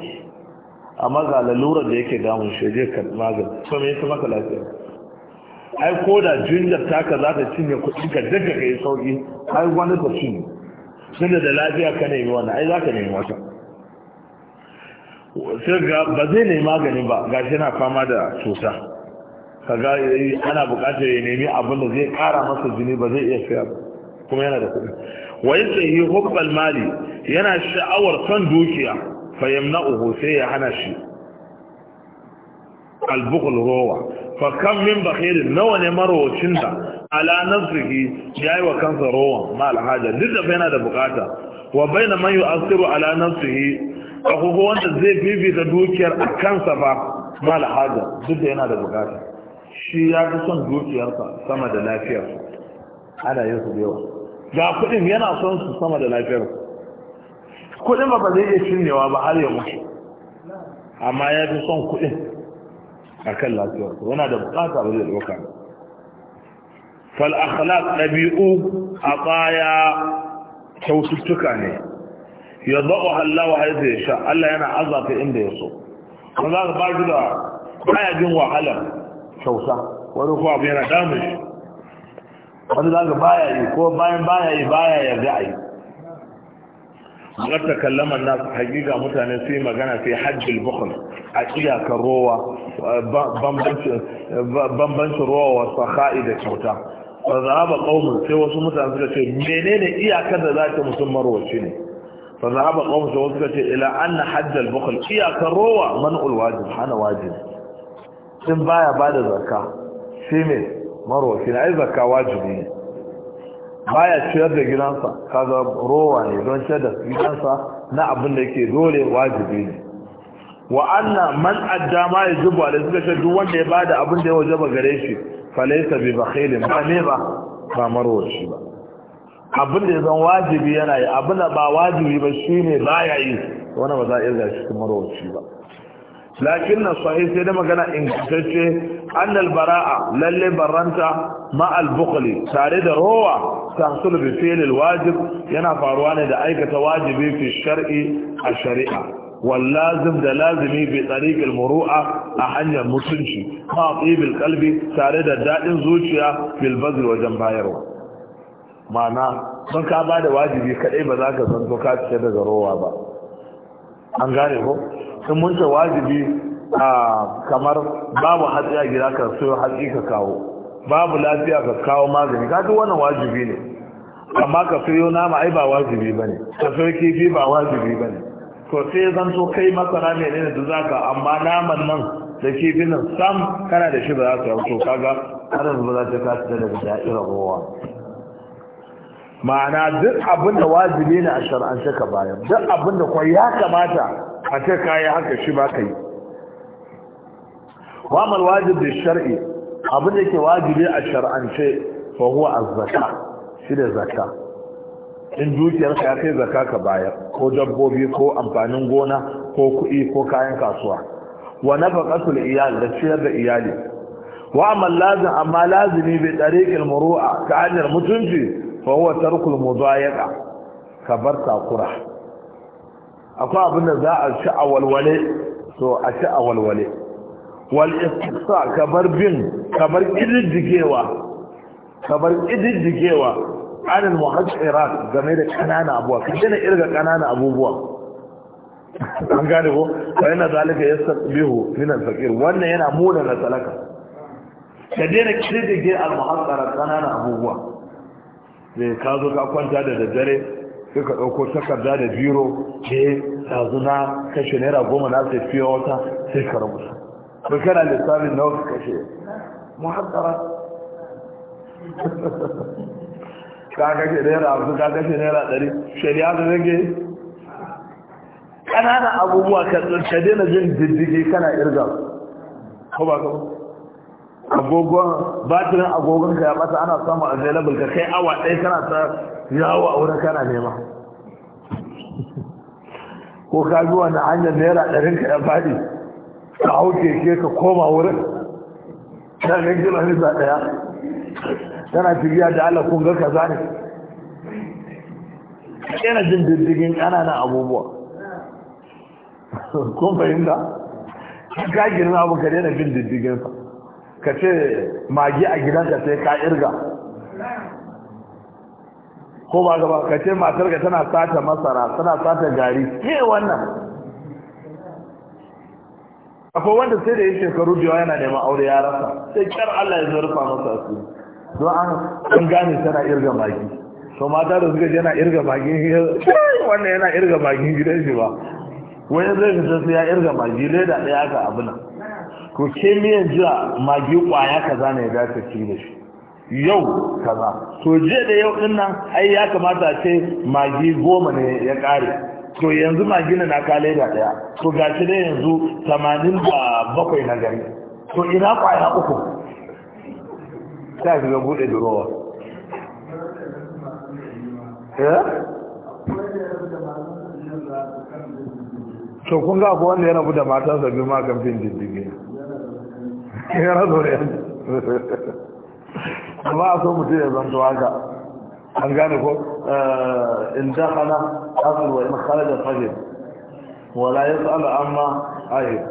S1: amma ga lalurar da yake damun shi je ka magani to me yasa maka lafiya ai ko da jinjar taka za ta cinye kuɗi ka daga kai sauki ai wani ka cinye tunda da lafiya ka nemi wannan ai za ka nemi wata sai ga ba zai nemi magani ba gashi yana fama da cuta kaga ana buƙatar ya nemi abin da zai ƙara masa jini ba zai iya siya kuma yana da kuɗi wa yasahi hubbal mali yana sha'awar son dukiya fa yamna'uhu sai ya hana shi albukul rowa fa kam min bakhirin nawa ne marowacin da ala nafsihi yayi wa kansa rawa ma alhaja duk da yana da bukata wa baina man yu'athiru ala nafsihi akwai wanda zai fifita dukiyar a kansa ba ma alhaja duk da yana da bukata shi ya fi son dukiyarsa sama da lafiyar ana yin su da yawa ga kuɗin yana son su sama da lafiyar kuɗin ba ba zai iya cinyewa ba har ya amma ya fi son kuɗin a kan lafiyar yana da bukata ba zai ɗauka ba ɗabi'u a baya kyaututtuka ne ya Allah hallawa haifu ya sha Allah yana azata inda ya so ba za ka ba shi da baya jin wahalar kyauta wani kuwa abu yana damu shi wani za baya yi ko bayan baya yi baya yarda a yi magarta kallaman nasu hakika mutane su yi magana sai hajjil bukhul a iyakar rowa bambancin rowa wasu ha'i da kyauta ba za ba ƙaunin sai wasu mutane suka ce menene iyakar da za ta mutum marwaci ne ba za ba ƙaunin sai wasu suka ce ila an na hajjal bukhul iyakar rowa man ulwajin hana wajin in baya ba da zarka shi ne na ai zarka wajibi ne baya ciyar da gidansa kaga rowa ne don ciyar da gidansa na abin da yake dole wajibi ne wa anna man adda ma zubu alai suka ce duk wanda ya bada abin da ya waje ba gare shi falaisa bi bakhilin ba ne ba ba marwaci ba abin da ya zan wajibi yana yi abin da ba wajibi ba shine ya yi Wani ba za a iya gashi marwaci ba lakin na sahih sai da magana ingantacce annal bara'a lalle baranta ma al tare da rowa tahsul bi fi'l wajib yana faruwa ne da aikata wajibi fi shar'i a shari'a wal lazim da lazimi bi tariq murua a hanyar mutunci ma a al tare da daɗin zuciya bil wajen bayarwa Mana don ka bada wajibi kadai ba za ka zanto ka cike daga rowa ba an gane ko Sun mun wajibi a kamar babu hatsi a gida ka so hatsi ka kawo babu lafiya ka kawo magani ka wannan wajibi ne amma ka yi nama ai ba wajibi ne ka soyo kifi ba wajibi ba ne to sai zan so kai masara menene da zaka amma naman nan da kifin nan sam kana da shi ba za ka yi kaga har yanzu ba za ta kasu daga da'irar ruwa ma'ana duk abin da wajibi ne a shar'ance ka bayar duk abin da kwa ya kamata a ce kayi haka shi ba ka yi wamal wajib da shar'i abin da ke wajibi a shar'ance fa huwa a zakka shi da zakka in dukiyar ka kai zakka ka bayar ko dabbobi ko amfanin gona ko kuɗi ko kayan kasuwa wa nafaqatul iyali. da ciyar da iyali wa amma lazim amma lazimi bi tariqil muru'a ta hanyar mutunci fa huwa tarkul mudayaqa ka bar takura akwai abin da za a ci a walwale to a ci a walwale Wal'isa ka bar bin ka bar kididdigewa ka bar kididdigewa anil game da ƙanana abuwa ka dena irga ƙanana abubuwa an gane ko fa yana zalika yastabihu min al-faqir wannan yana muna na talaka ka dena kididdige al-muhassara ƙanana abubuwa zai ka zo ka kwanta da daddare sai ka ɗauko takarda da biro ke yanzu na kashe naira goma na sai fiye wata sai ka rubuta ko kana lissafin na wasu kashe muhaddara [LAUGHS] ka kashe naira abu ka kashe naira ɗari shari'a da zange? ƙananan abubuwa ka na jin diddigi kana irga ko ba ka ba agogon batirin agogon ka ya bata ana samun available ka kai awa ɗaya kana ta yawo a wurin kana nema ko ka bi wani hanyar naira ɗarin ka ya faɗi ka hau keke ka koma wurin ta ne gina nisa ɗaya tana tafiya da ala kun ga kaza ne yana jin diddigin ƙananan abubuwa kun fahimta ka girma abu ka daina jin diddiginsa ka ce magi a gidanka sai ka irga ko ba gaba ka ce matar ka tana sata masara tana sata gari ke wannan akwai wanda sai da ya shekaru biyu yana neman aure ya rasa sai kyar Allah ya zurfa masa su don an gane tana irga magi to mata da suka yana irga magi wannan yana irga magi gidan shi ba wani zai fita sai ya irga magi leda ɗaya aka abu nan ko ke miyan jiya magi kwaya kaza ne ya dace ci da shi yau kaza to je da yau din nan ai ya kamata a ce magi goma ne ya kare to yanzu magi na ka leda daya to ga shi dai yanzu 87 bakwai na gari to ina kwaya uku ta shiga bude durowa eh? to kun ga ku wanda ya rabu da matansa biyu ma kamfin diddigi ya razo da yanzu amma a so mutum ya zanto haka an gane ko eh, in dakala asir wa in da fajr wala ya yas'alu amma ahir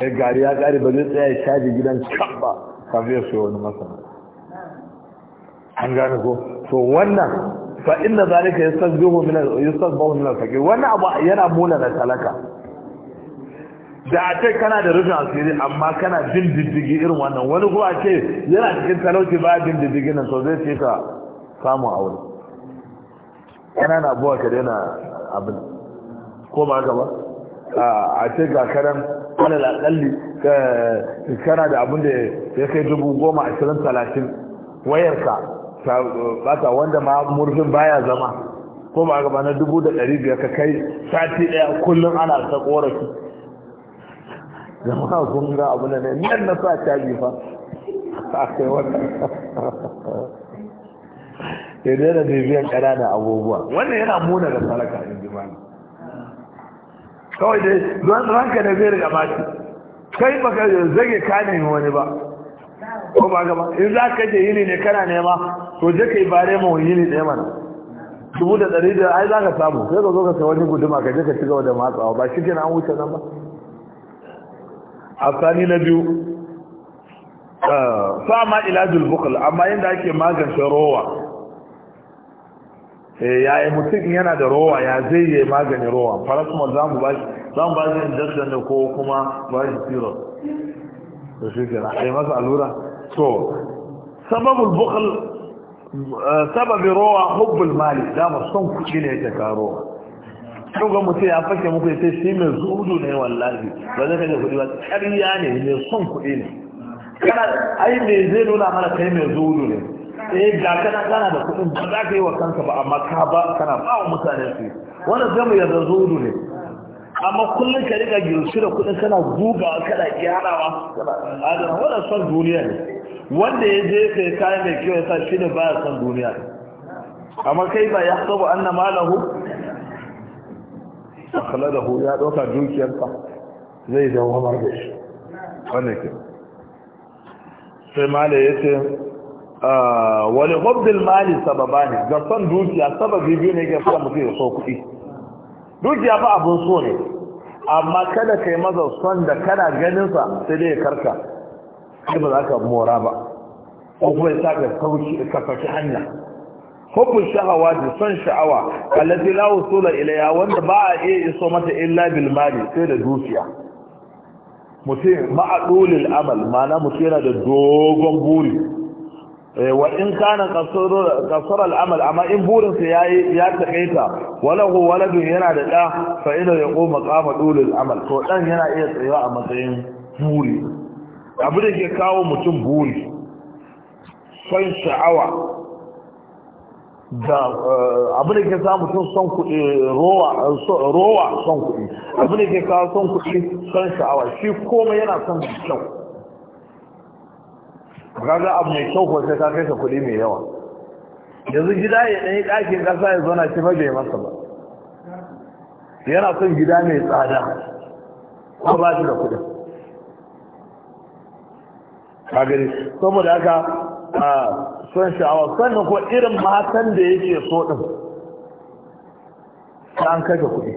S1: ya gari ya gari ba zai tsaya ya shaji gidan can ba kafin ya soya wani masana an gane ko to wannan fa inna zalika yastasbihu min yastasbihu min al-fakir wannan abu yana muna na talaka da a ce kana da rufin asiri amma kana bin diddigi irin wannan wani kuma a ce yana cikin talauci ba bin diddigi nan to zai ce ka samu aure yana na buwa ka daina abin ko ba ka ba a ce ga karan alal akalli eh, kana da abin da ya kai dubu goma ashirin talatin wayarka ta wanda ma murfin baya zama ko ba a ba na dubu da ɗari biyar ka kai sati ɗaya kullum ana ta ƙorafi zama sun ga abu na ne nan na sa caji fa a kai wannan ya daina bibiyan ƙananan abubuwa wannan yana muna da saraka in ji mani kawai dai don ranka da zai riga baci kai baka zage kane nemi wani ba ko ba gaba in za ka je yini ne kana nema to je ka yi bare ma wani yini ɗaya mana dubu da ɗari da ai za ka samu sai ka zo ka sai wani guduma ka je ka ci gaba da matsawa ba shi kenan an wuce nan ba asani na biyu ah, ma ilajul bukul amma inda ake magance rowa eh, yayi mutum yana da rowa ya zai yi magani rowa farasuma za mu ba shi injection da ko kuma ba shi syrup da shi kira a yi masa allura so sababul bukul eh, sababin rowa hubbul mali dama son kuɗi ne yake ka rowa dogon mutum ya fake muku ya ce shi mai zuhudu ne wallahi ba zai kaje kuɗi ba ƙarya ne mai son kuɗi ne kana ai me zai nuna mana kai mai zuhudu ne eh ga kana kana da kuɗin ba za ka yi wa kanka ba amma ka ba kana ba wa mutane su wannan zai mu yarda zuhudu ne amma kullum ka riga girshi da kuɗin kana guga kana gyarawa adana wannan son duniya ne wanda ya je kai kayan mai kyau ya sa shi ne ba son duniya amma kai ba ya saba annama lahu hu ya dauka dukiyarsa zai dawamar da shi wannan ke sai mala yace ah, wani hubbil mali sababa ne ga son dukiya sababi biyu ne ke fara mutum ya so kuɗi dukiya ba abun so ne amma kada kai maza son da kana ganinsa sai dai ya karka kai ba za ka mora ba ko kuma ya sa ka kauci ka hanya hukun sha'awa da son sha'awa allazi la wusula ilayya wanda ba a iya iso mata illa bil mali sai da dukiya mutum ma'adulil amal mana mutum yana da dogon buri eh, wa in kana kasar al'amal amma in burinsa ya takaita ya taƙaita walahu waladun yana da ɗa fa'ida ya koma ƙafa dulil amal to dan yana iya tsayawa a matsayin buri abu da ke kawo mutum buri son sha'awa da eh, abu da ke sa mutum son kuɗi rowa son kuɗi abu da ke kawo son kuɗi son sha'awa shi komai yana son kyau kaga abu mai kyau ko sai ka kai kuɗi mai yawa yanzu gida ya ɗanyi ɗakin ƙasa ya zauna shi fa bai masa ba yana son gida mai tsada ko ba shi da kuɗi. A gari saboda haka ah, son sha'awa sannan ko irin matan da yake so Ta an kashe kuɗi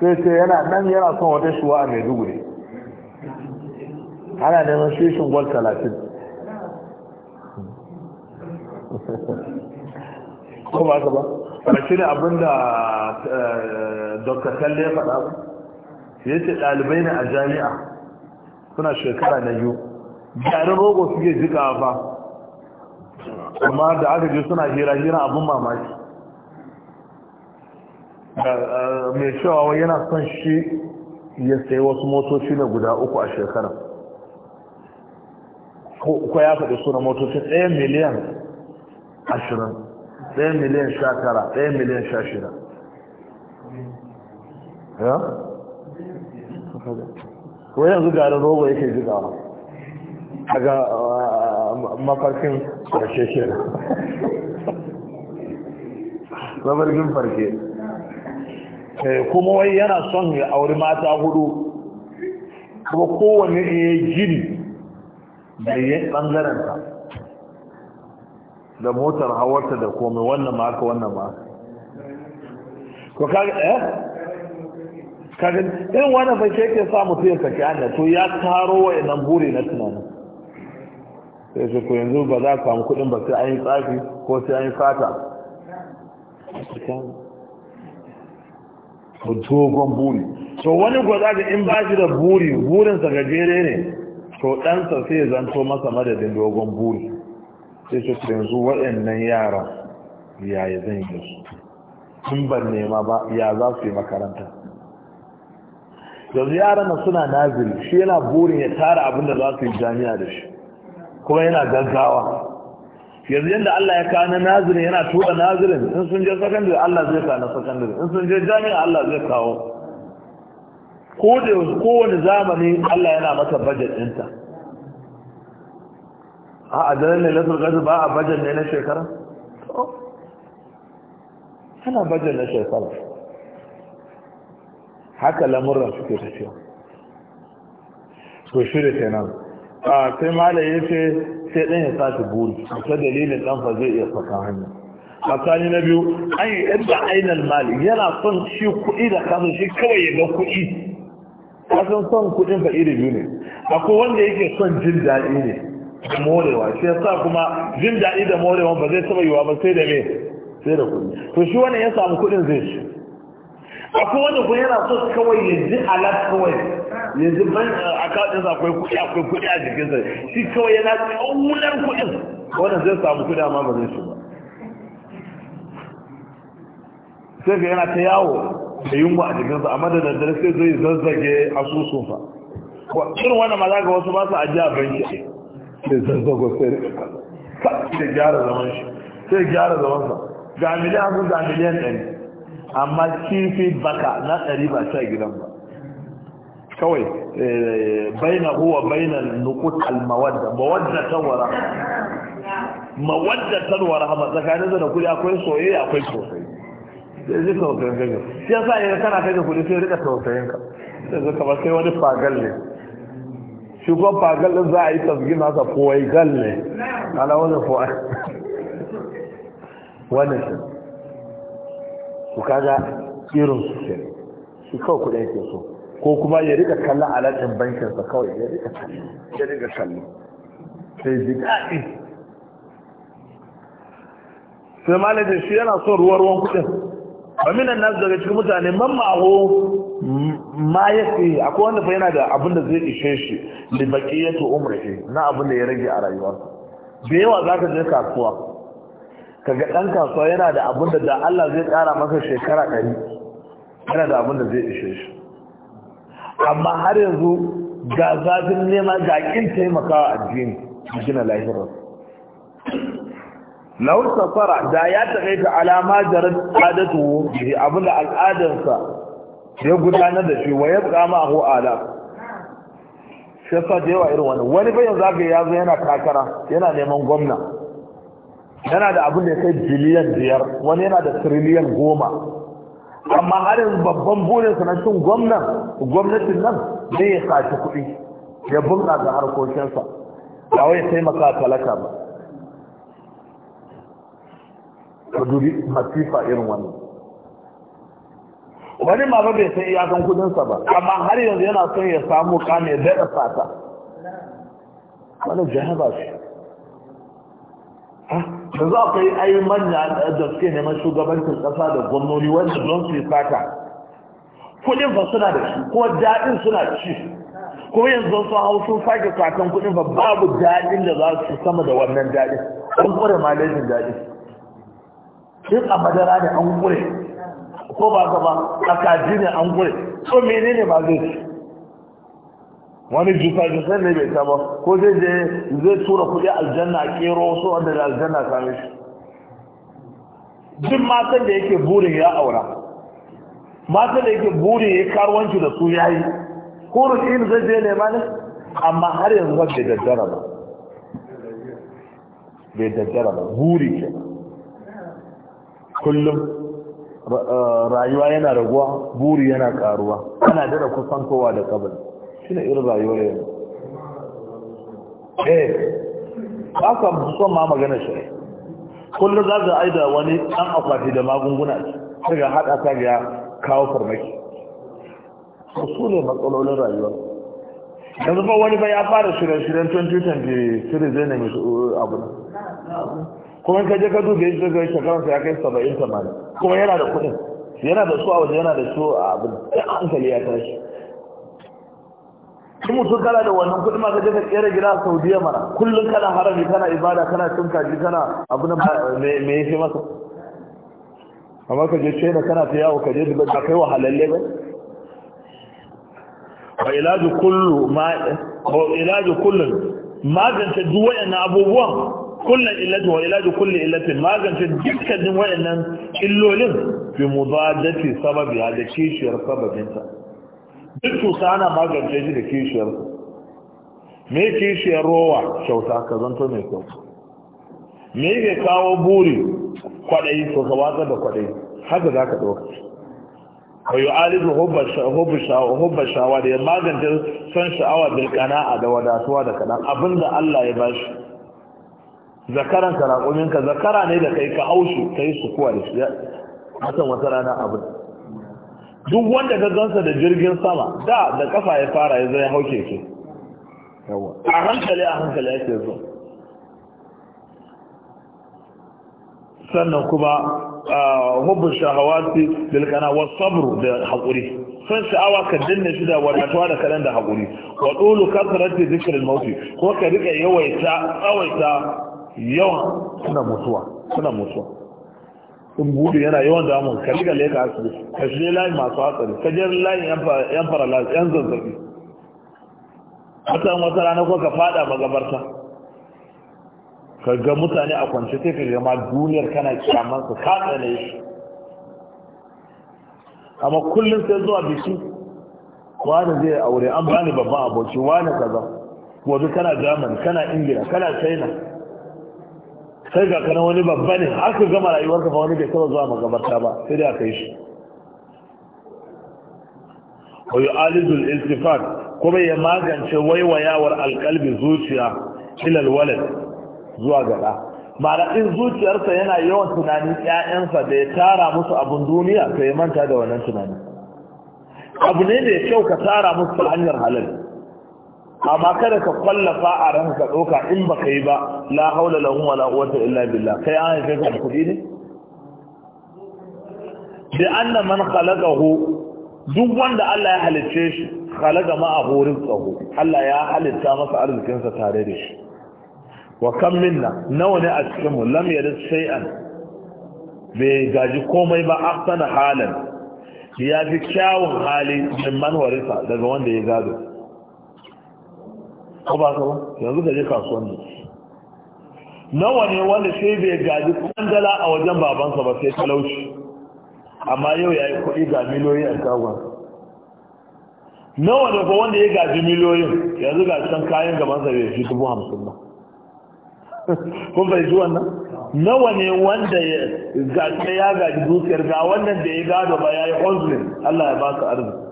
S1: sai sai yana nan yana son wata shuwa a maiduguri ana neman shishin gwal talatin ko ba ta ba ƙarshe ne abinda eh, dr kalle ya faɗa ba ya ce ɗalibai ne a jami'a suna shekara na biyu garin rogo suke jikawa ba amma da aka je suna hira hira abin mamaki eh, mai cewa yana son shi ya sayi wasu motoci ne guda uku a shekara ko ya faɗi suna motoci ɗaya miliyan ashirin ɗaya miliyan sha tara ɗaya miliyan sha shida ya? ko yanzu garin rogo yake jigawa ga eh, mafarkin ƙarshe shi zabargin farke eh, kuma wai yana son ya auri mata hudu kuma kowane ya gini da ya ɓangaranta da motar hawarta da komai wannan ma haka wannan ma ko kaga eh kaga irin wannan bai ke sa mutum ya saki hanya to ya taro wa inan buri na tunanin sai shi ku yanzu ba za ka samu kuɗin ba sai an yi tsafi ko sai an yi fata ku dogon buri to wani gwaza da in ba shi da buri burinsa gajere ne to ɗansa sai zanto masa madadin dogon buri sai shi ku yanzu waɗannan yaran yaya zan yi su In ban nema ba ya za su yi makaranta yanzu yaran suna naziri shi yana burin ya tara abin da za su yi jami'a da shi kuma yana gaggawa yanzu yadda Allah ya na nazirin yana tura nazirin in sun je sakandare Allah zai kawo na sakandare in sun je jami'a Allah zai kawo ko kowane zamani Allah yana masa bajet ɗinta a ajalin lailatul qadr ba a bajet ne na shekara ana bajet na shekara haka lamurra suke tafiya shirya shirye kenan sai malam ya ce sai ɗan ya sace buri ta dalilin ɗan fa zai iya saka hannu a tsani na biyu an yi da ainihin mali yana son shi kuɗi da kasu shi kawai ya ga kuɗi kasan son kuɗin fa iri biyu ne akwai wanda yake son jin daɗi ne morewa shi sa kuma jin daɗi da morewa ba zai taɓa yiwa ba sai da me sai da kuɗi to shi wani ya samu kuɗin zai shi akwai wanda kuma yana so kawai yanzu alat kawai yanzu ban eh, a kaɗin akwai kuɗi akwai kuɗi a jikinsa shi kawai yana tsawular kuɗin wannan zai samu kuɗi amma ba zai shi ba sai ga yana ta yawo da yunwa a jikinsa amma da daddare sai zai zazzage asusun fa irin wannan ma za ga wasu ba su a banki sai zazzago sai rika gyara zaman shi sai gyara zamansa ga miliyan sun ga miliyan ɗari amma kifi baka na ɗari ba ta gidan ba kawai eh, baina huwa baina nukut almawadda mawadda wara
S2: mawadda
S1: wara hama tsakanin da kudi akwai soyayya akwai sosai sai zai tausayin kai shi yasa idan kana kai da kudi sai rika tausayin ka sai zaka ba sai wani fagal ne shi kuma fagal ɗin za a yi tasgin nasa fowai gal ne ala wani fowai wani shi ku kaga irin su ke su kawai kudin ke so ko kuma ya rika kallon alatin bankinsa kawai ya rika kalli, ya rika kalli. sai ji daɗi sai malajin shi yana son ruwa ruwan kuɗin ba minan nasu daga cikin mutane man ma'aho ma ya fi akwai wanda fa yana da abin da zai ishe shi da baƙi ya to umar na abin da ya rage a rayuwarsa da yawa za ka je kasuwa kaga ɗan kasuwa yana da abin da da Allah zai kara masa shekara ɗari yana da abin da zai ishe shi amma har yanzu ga zafin nema ga ƙin taimakawa addini a gina lahirar laur safara da ya taƙaita alama jarar adatu da abin da al'adarsa ya gudanar da shi wa ya tsama a ala shi yasa da yawa irin wani wani bayan zagaye ya zo yana takara yana neman gwamna yana da abin da ya kai biliyan biyar wani yana da tiriliyan goma amma harin babban bude sanancin gwamnan gwamnatin nan zai ya sace kuɗi ya ga harkokinsa ba wai ya taimaka talaka ba ka dubi masifa irin wani. wani ma ba bai san iyakan kudinsa ba amma har yanzu yana son ya samu kame daɗa sata wani ba shi Eh, da za ka yi ayi manya da suke neman shugabancin kasa da gwamnoni wanda don su yi fata kudin fa suna da shi ko daɗin suna ci kuma yanzu sun hau sun sake kwatan kudin fa babu daɗin da za su sama da wannan daɗin an kure ma laifin daɗin in a madara ne an kure ko ba ka ba a kaji ne an kure so menene ba zai ci wani jika jika ne bai ta ba ko zai je zai tura kuɗi aljanna a kero su wanda da aljanna same shi duk matan da yake burin ya aura matan da yake burin ya karuwanci da su ya yi ko rukin zai je nema ne amma har yanzu ba bai daddara ba bai daddara ba buri ke kullum eh, rayuwa yana raguwa buri yana karuwa ana kusan kusantowa da kabari shi irin rayuwar yanzu eh ba ka son ma magana shi kullum za ka aida wani ɗan akwati da magunguna ce ga haɗa ta ga kawo farmaki su ne matsalolin rayuwa yanzu ba wani ba ya fara shirye-shiryen 2023 zai nemi uh, abu ne kuma ka je ka duba shi daga shekarar sa ya kai ta 80 kuma yana da kuɗin yana da su a waje yana da su a abin da hankali ya tashi in mutum kana da wannan kuɗi ma ka je ka kera gida a saudiya mana kullum kana harami kana ibada kana cin kaji kana abu na me yake masa amma ka je china kana ta yawo ka je dubai ba kai wahalalle ba wa ilaju kullu ma wa ilaju kullun magance duk wayannan abubuwan kullun illatu wa ilaju kulli illatin magance dukkanin wayannan illolin bi mudadati sababi da kishiyar sababinta duk cuta ana magance shi da kishiyar me kishiyar rowa kyauta ka zanto mai kyau me ke kawo buri kwaɗayi to ka watsar da kwaɗayi haka za ka ɗauka ka yi alizu hubba shawa da ya magance son sha'awa bil kana'a da wadatuwa da kaɗan abinda Allah ya bashi zakaran ka zakara ne da kai ka haushi ka yi sukuwa da shi matan wata rana abin duk wanda ka gansa da jirgin sama da da kafa ya fara ya zai hauke ke a hankali a hankali ake zo sannan kuma hubbun shahawati bilkana wa da haƙuri sun sha'awa ka danne shi da wadatuwa da kaɗan da haƙuri wa ɗulu kasarati zikirin mauti ko ka riƙa yawaita tsawaita yawan suna mutuwa suna mutuwa gudu yana yawan damun ka riga leka asibiti ka shige layin masu hatsari ka je layin yan faralas yan zazzabi hakan wata rana ko ka fada magabarta ka ga mutane a kwance sai ka gama duniyar kana kyaman su ka tsane shi amma kullum sai zuwa biki wani zai aure an bani babban aboki wani kaza gobe kana germany kana ingila kana china sai ga kana wani babba ne aka gama rayuwarka fa wani bai taba zuwa magabarta ba sai dai aka yi shi wa yu'alidu al kuma ya magance waiwayawar alqalbi zuciya ilal walad zuwa ga da in zuciyarsa yana yawan tunanin ƴaƴansa da ya tara musu abun duniya to ya manta da wannan tunani abu ne da ya kyau ka tara musu ta hanyar halal amma kada ka kwallafa a ranka ka ɗauka in ba ka yi ba la haula lahum wala quwwata illa billah kai an haife ka kuɗi ne bi anna man khalaqahu duk wanda Allah ya halicce shi khalaqa ma ahurin tsaho Allah ya halitta masa arzikin sa tare da shi wa kam minna nawa ne a cikin mu lam yadda shay'an bai gaji komai ba afsana halan ya fi kyawun hali min man warisa daga wanda ya gado ko ba ka ba yanzu ka je kasuwan ne nawa ne wanda sai bai gaji kwandala a wajen babansa ba sai talauci amma yau ya yi kuɗi ga miliyoyi a shagon nawa ne ba wanda ya gaji miliyoyin yanzu ga can kayan gabansa bai fi dubu hamsin ba [LAUGHS] kun bai ji wannan nawa ne wanda ya gaji ya gaji dukiyar ga wannan da ya gado ba ya yi konsulin allah ya baka arziki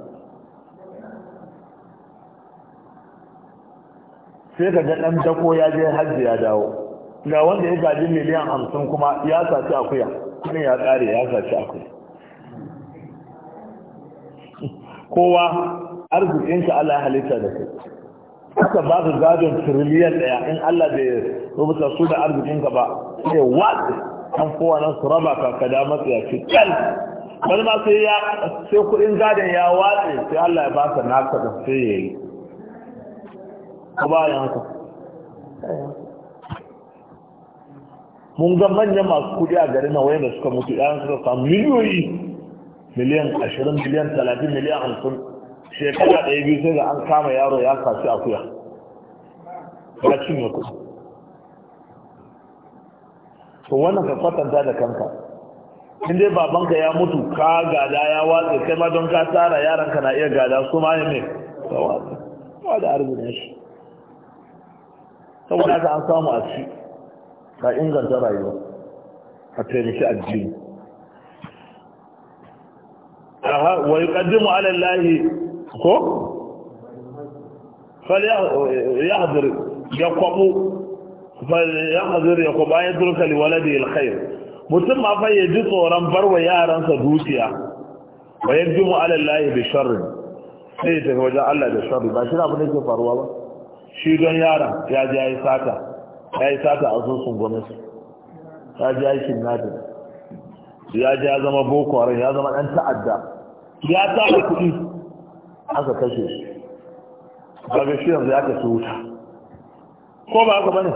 S1: sai ka ga ɗan dako ya je hajji ya dawo ga wanda ya gaji miliyan hamsin kuma ya saci akuya kudin ya ƙare ya saci akuya kowa arzikin ka Allah ya halitta da kai aka ba ka gadon trillion ɗaya in Allah bai rubuta su da arzikin ka ba sai watsi an kowa nan su raba ka ka da matsaya ce kal wani ma sai ya sai kuɗin gadon ya watsi sai Allah ya ba ka naka da sai ya yi Ka ba haka mun ga manyan masu kudi a garin na wayan da suka mutu ya suka samu miliyoyi miliyan 20 miliyan 30 miliyan 50 shekara ɗaya biyu sai da an kama yaro ya kasu akuya ya cinye kuɗi to wannan ka kwatanta da kanka in dai babanka ya mutu ka gada ya watsa kai ma don ka tsara yaranka na iya gada su ma ne ka watsa ba da arzikin shi saboda haka an samu a ci ka inganta rayuwa a taimaki addini aha wa yuqaddimu ala allahi ko fal yahdur ya kwabu fal yahdur ya kwabu ya turka li waladi alkhair mutum ma fa yaji tsoron barwa yaransa dukiya wa yajmu ala allahi bi sharri sai ta wajen Allah da sharri ba shi abin da ke faruwa ba shi don yaron ya ji ya yi sata ya yi sata a sosun gwamnati ya ji ya yi kidnapping ya ji ya zama boko ya zama ɗan ta'adda ya tara kuɗi aka kashe shi kaga shi yanzu ya kashe wuta ko ba haka bane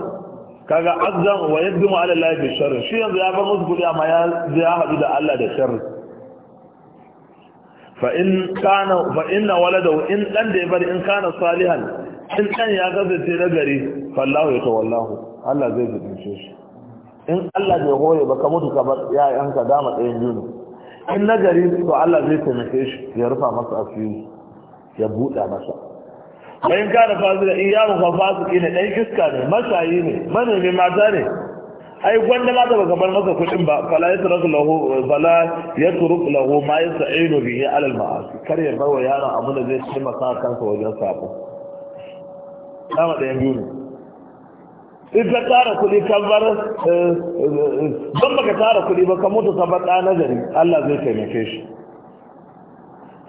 S1: kaga azan wa yaddumu ala Allah bi sharri shi yanzu ya bar musu kuɗi amma ya ya haɗu da Allah da sharri fa in kana fa inna waladahu in dan da ya bari in kana salihan in ɗan ya kasance na gari fallahu ya tawallahu Allah zai zubince shi in Allah bai hore ba ka mutu ka bar ƴaƴanka dama ɗayan biyu in na gari to Allah zai taimake shi ya rufa masa asiri ya buɗa masa bayan ka da fasu da iyamu fa fasu ne ɗan iska ne mashayi ne manomi mata ne ai gwanda ma baka bar masa kuɗin ba fala ya turuk lahu fala ya turuk lahu ma yasa'inu bihi alal ma'asi kar ya bar wa yaron abu da zai taimaka kansa wajen sabo dama ɗayan biyu ne in ka tara kuɗi kan bar eh, eh, don baka tara kuɗi ba ka mutu ka bar ɗa nazari Allah zai taimake shi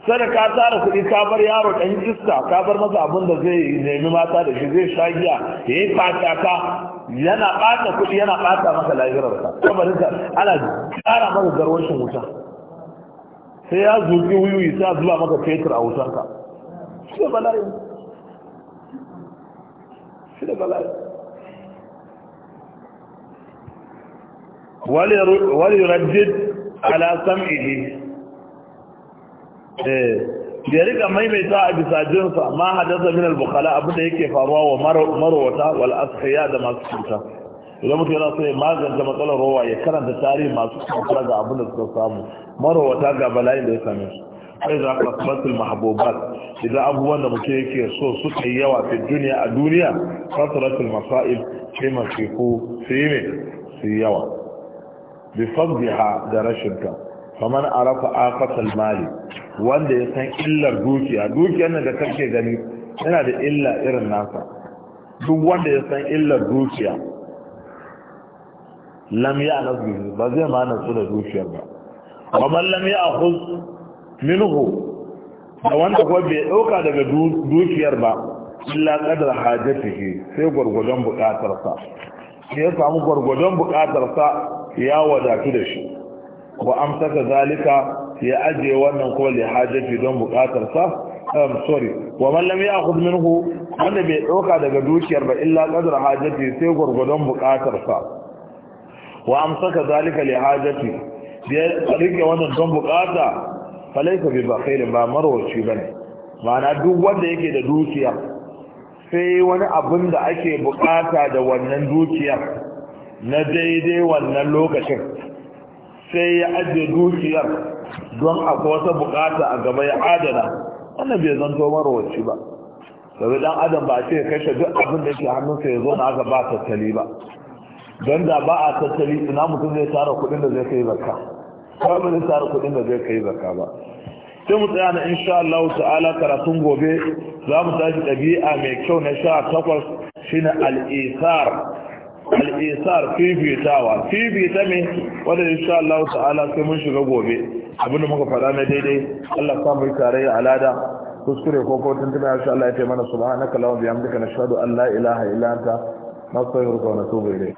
S1: sai ka tara kuɗi ka bar yaro ɗan iska ka bar masa abin da zai nemi mata da shi zai sha giya ya yi fata ka, yana ɓata kuɗi yana ɓata masa lahirarsa kamarin ka ana ƙara masa garwashin wuta sai ya zuƙi wuyu sai ya zuba maka fetur a wutarka shi bala'i da bala'i wali rajid ala sam'ihi eh ya rika maimaita a bisa jinsa ma hadasa min al-bukhala abin da yake faruwa wa marwata wal da masu cuta idan mutum yana so ya magance matsalar rowa ya karanta tarihi masu cuta ga abin da suka samu marwata ga bala'in da ya same su sai za ka sabatul mahabubat idan abubuwan da mutum yake so suka yi yawa fi duniya a duniya kasratul masa'ib sai masifu su yi ne su yawa bi fadhiha da rashin ta faman arafa afatal mali wanda ya san illar dukiya dukiyar nan da kake gani yana da illa irin nasa duk wanda ya san illar dukiya lam ya nasu ba zai ma nasu da dukiyar ba wa man lam ya akhuz minhu da wanda kuma bai ɗauka daga dukiyar ba illa ƙadar hajjatihi sai gwargwadon buƙatarsa ya samu gwargwadon buƙatarsa ya wadatu da shi wa amsaka zalika ya ajiye wannan kuma li hajjati don buƙatarsa um, sorry wa man lam ya'khudh minhu wanda bai ɗauka daga dukiyar ba illa ƙadar hajjati sai gwargwadon buƙatarsa wa amsaka zalika li hajjati ya rike wannan don buƙata falaisa bi ba khairin ba marwaci bane ma'ana duk wanda yake da dukiya sai wani abin da ake bukata da wannan dukiyar na daidai wannan lokacin sai ya ajiye dukiyar don akwai wata bukata a gaba ya adana wannan bai zanto marwaci ba sabi dan adam ba ce kashe duk abin da yake hannunsa ya zo na aka ba tattali ba don da ba a tattali ina mutum zai tara kudin da zai kai zakka ba da tsara kuɗin da zai kai zaka ba sai mu tsaya na insha Allah ta'ala karatun gobe za mu tashi ɗabi'a mai kyau na sha takwas shine al'isar al'isar fifitawa fifita me wanda insha Allah ta'ala sai mun shiga gobe abinda muka faɗa na daidai Allah sa mu tarayya alada kuskure ko ko tuntuna insha Allah ya taimana subhanaka allahumma bihamdika nashhadu an la ilaha illa anta nastaghfiruka wa natubu ilayk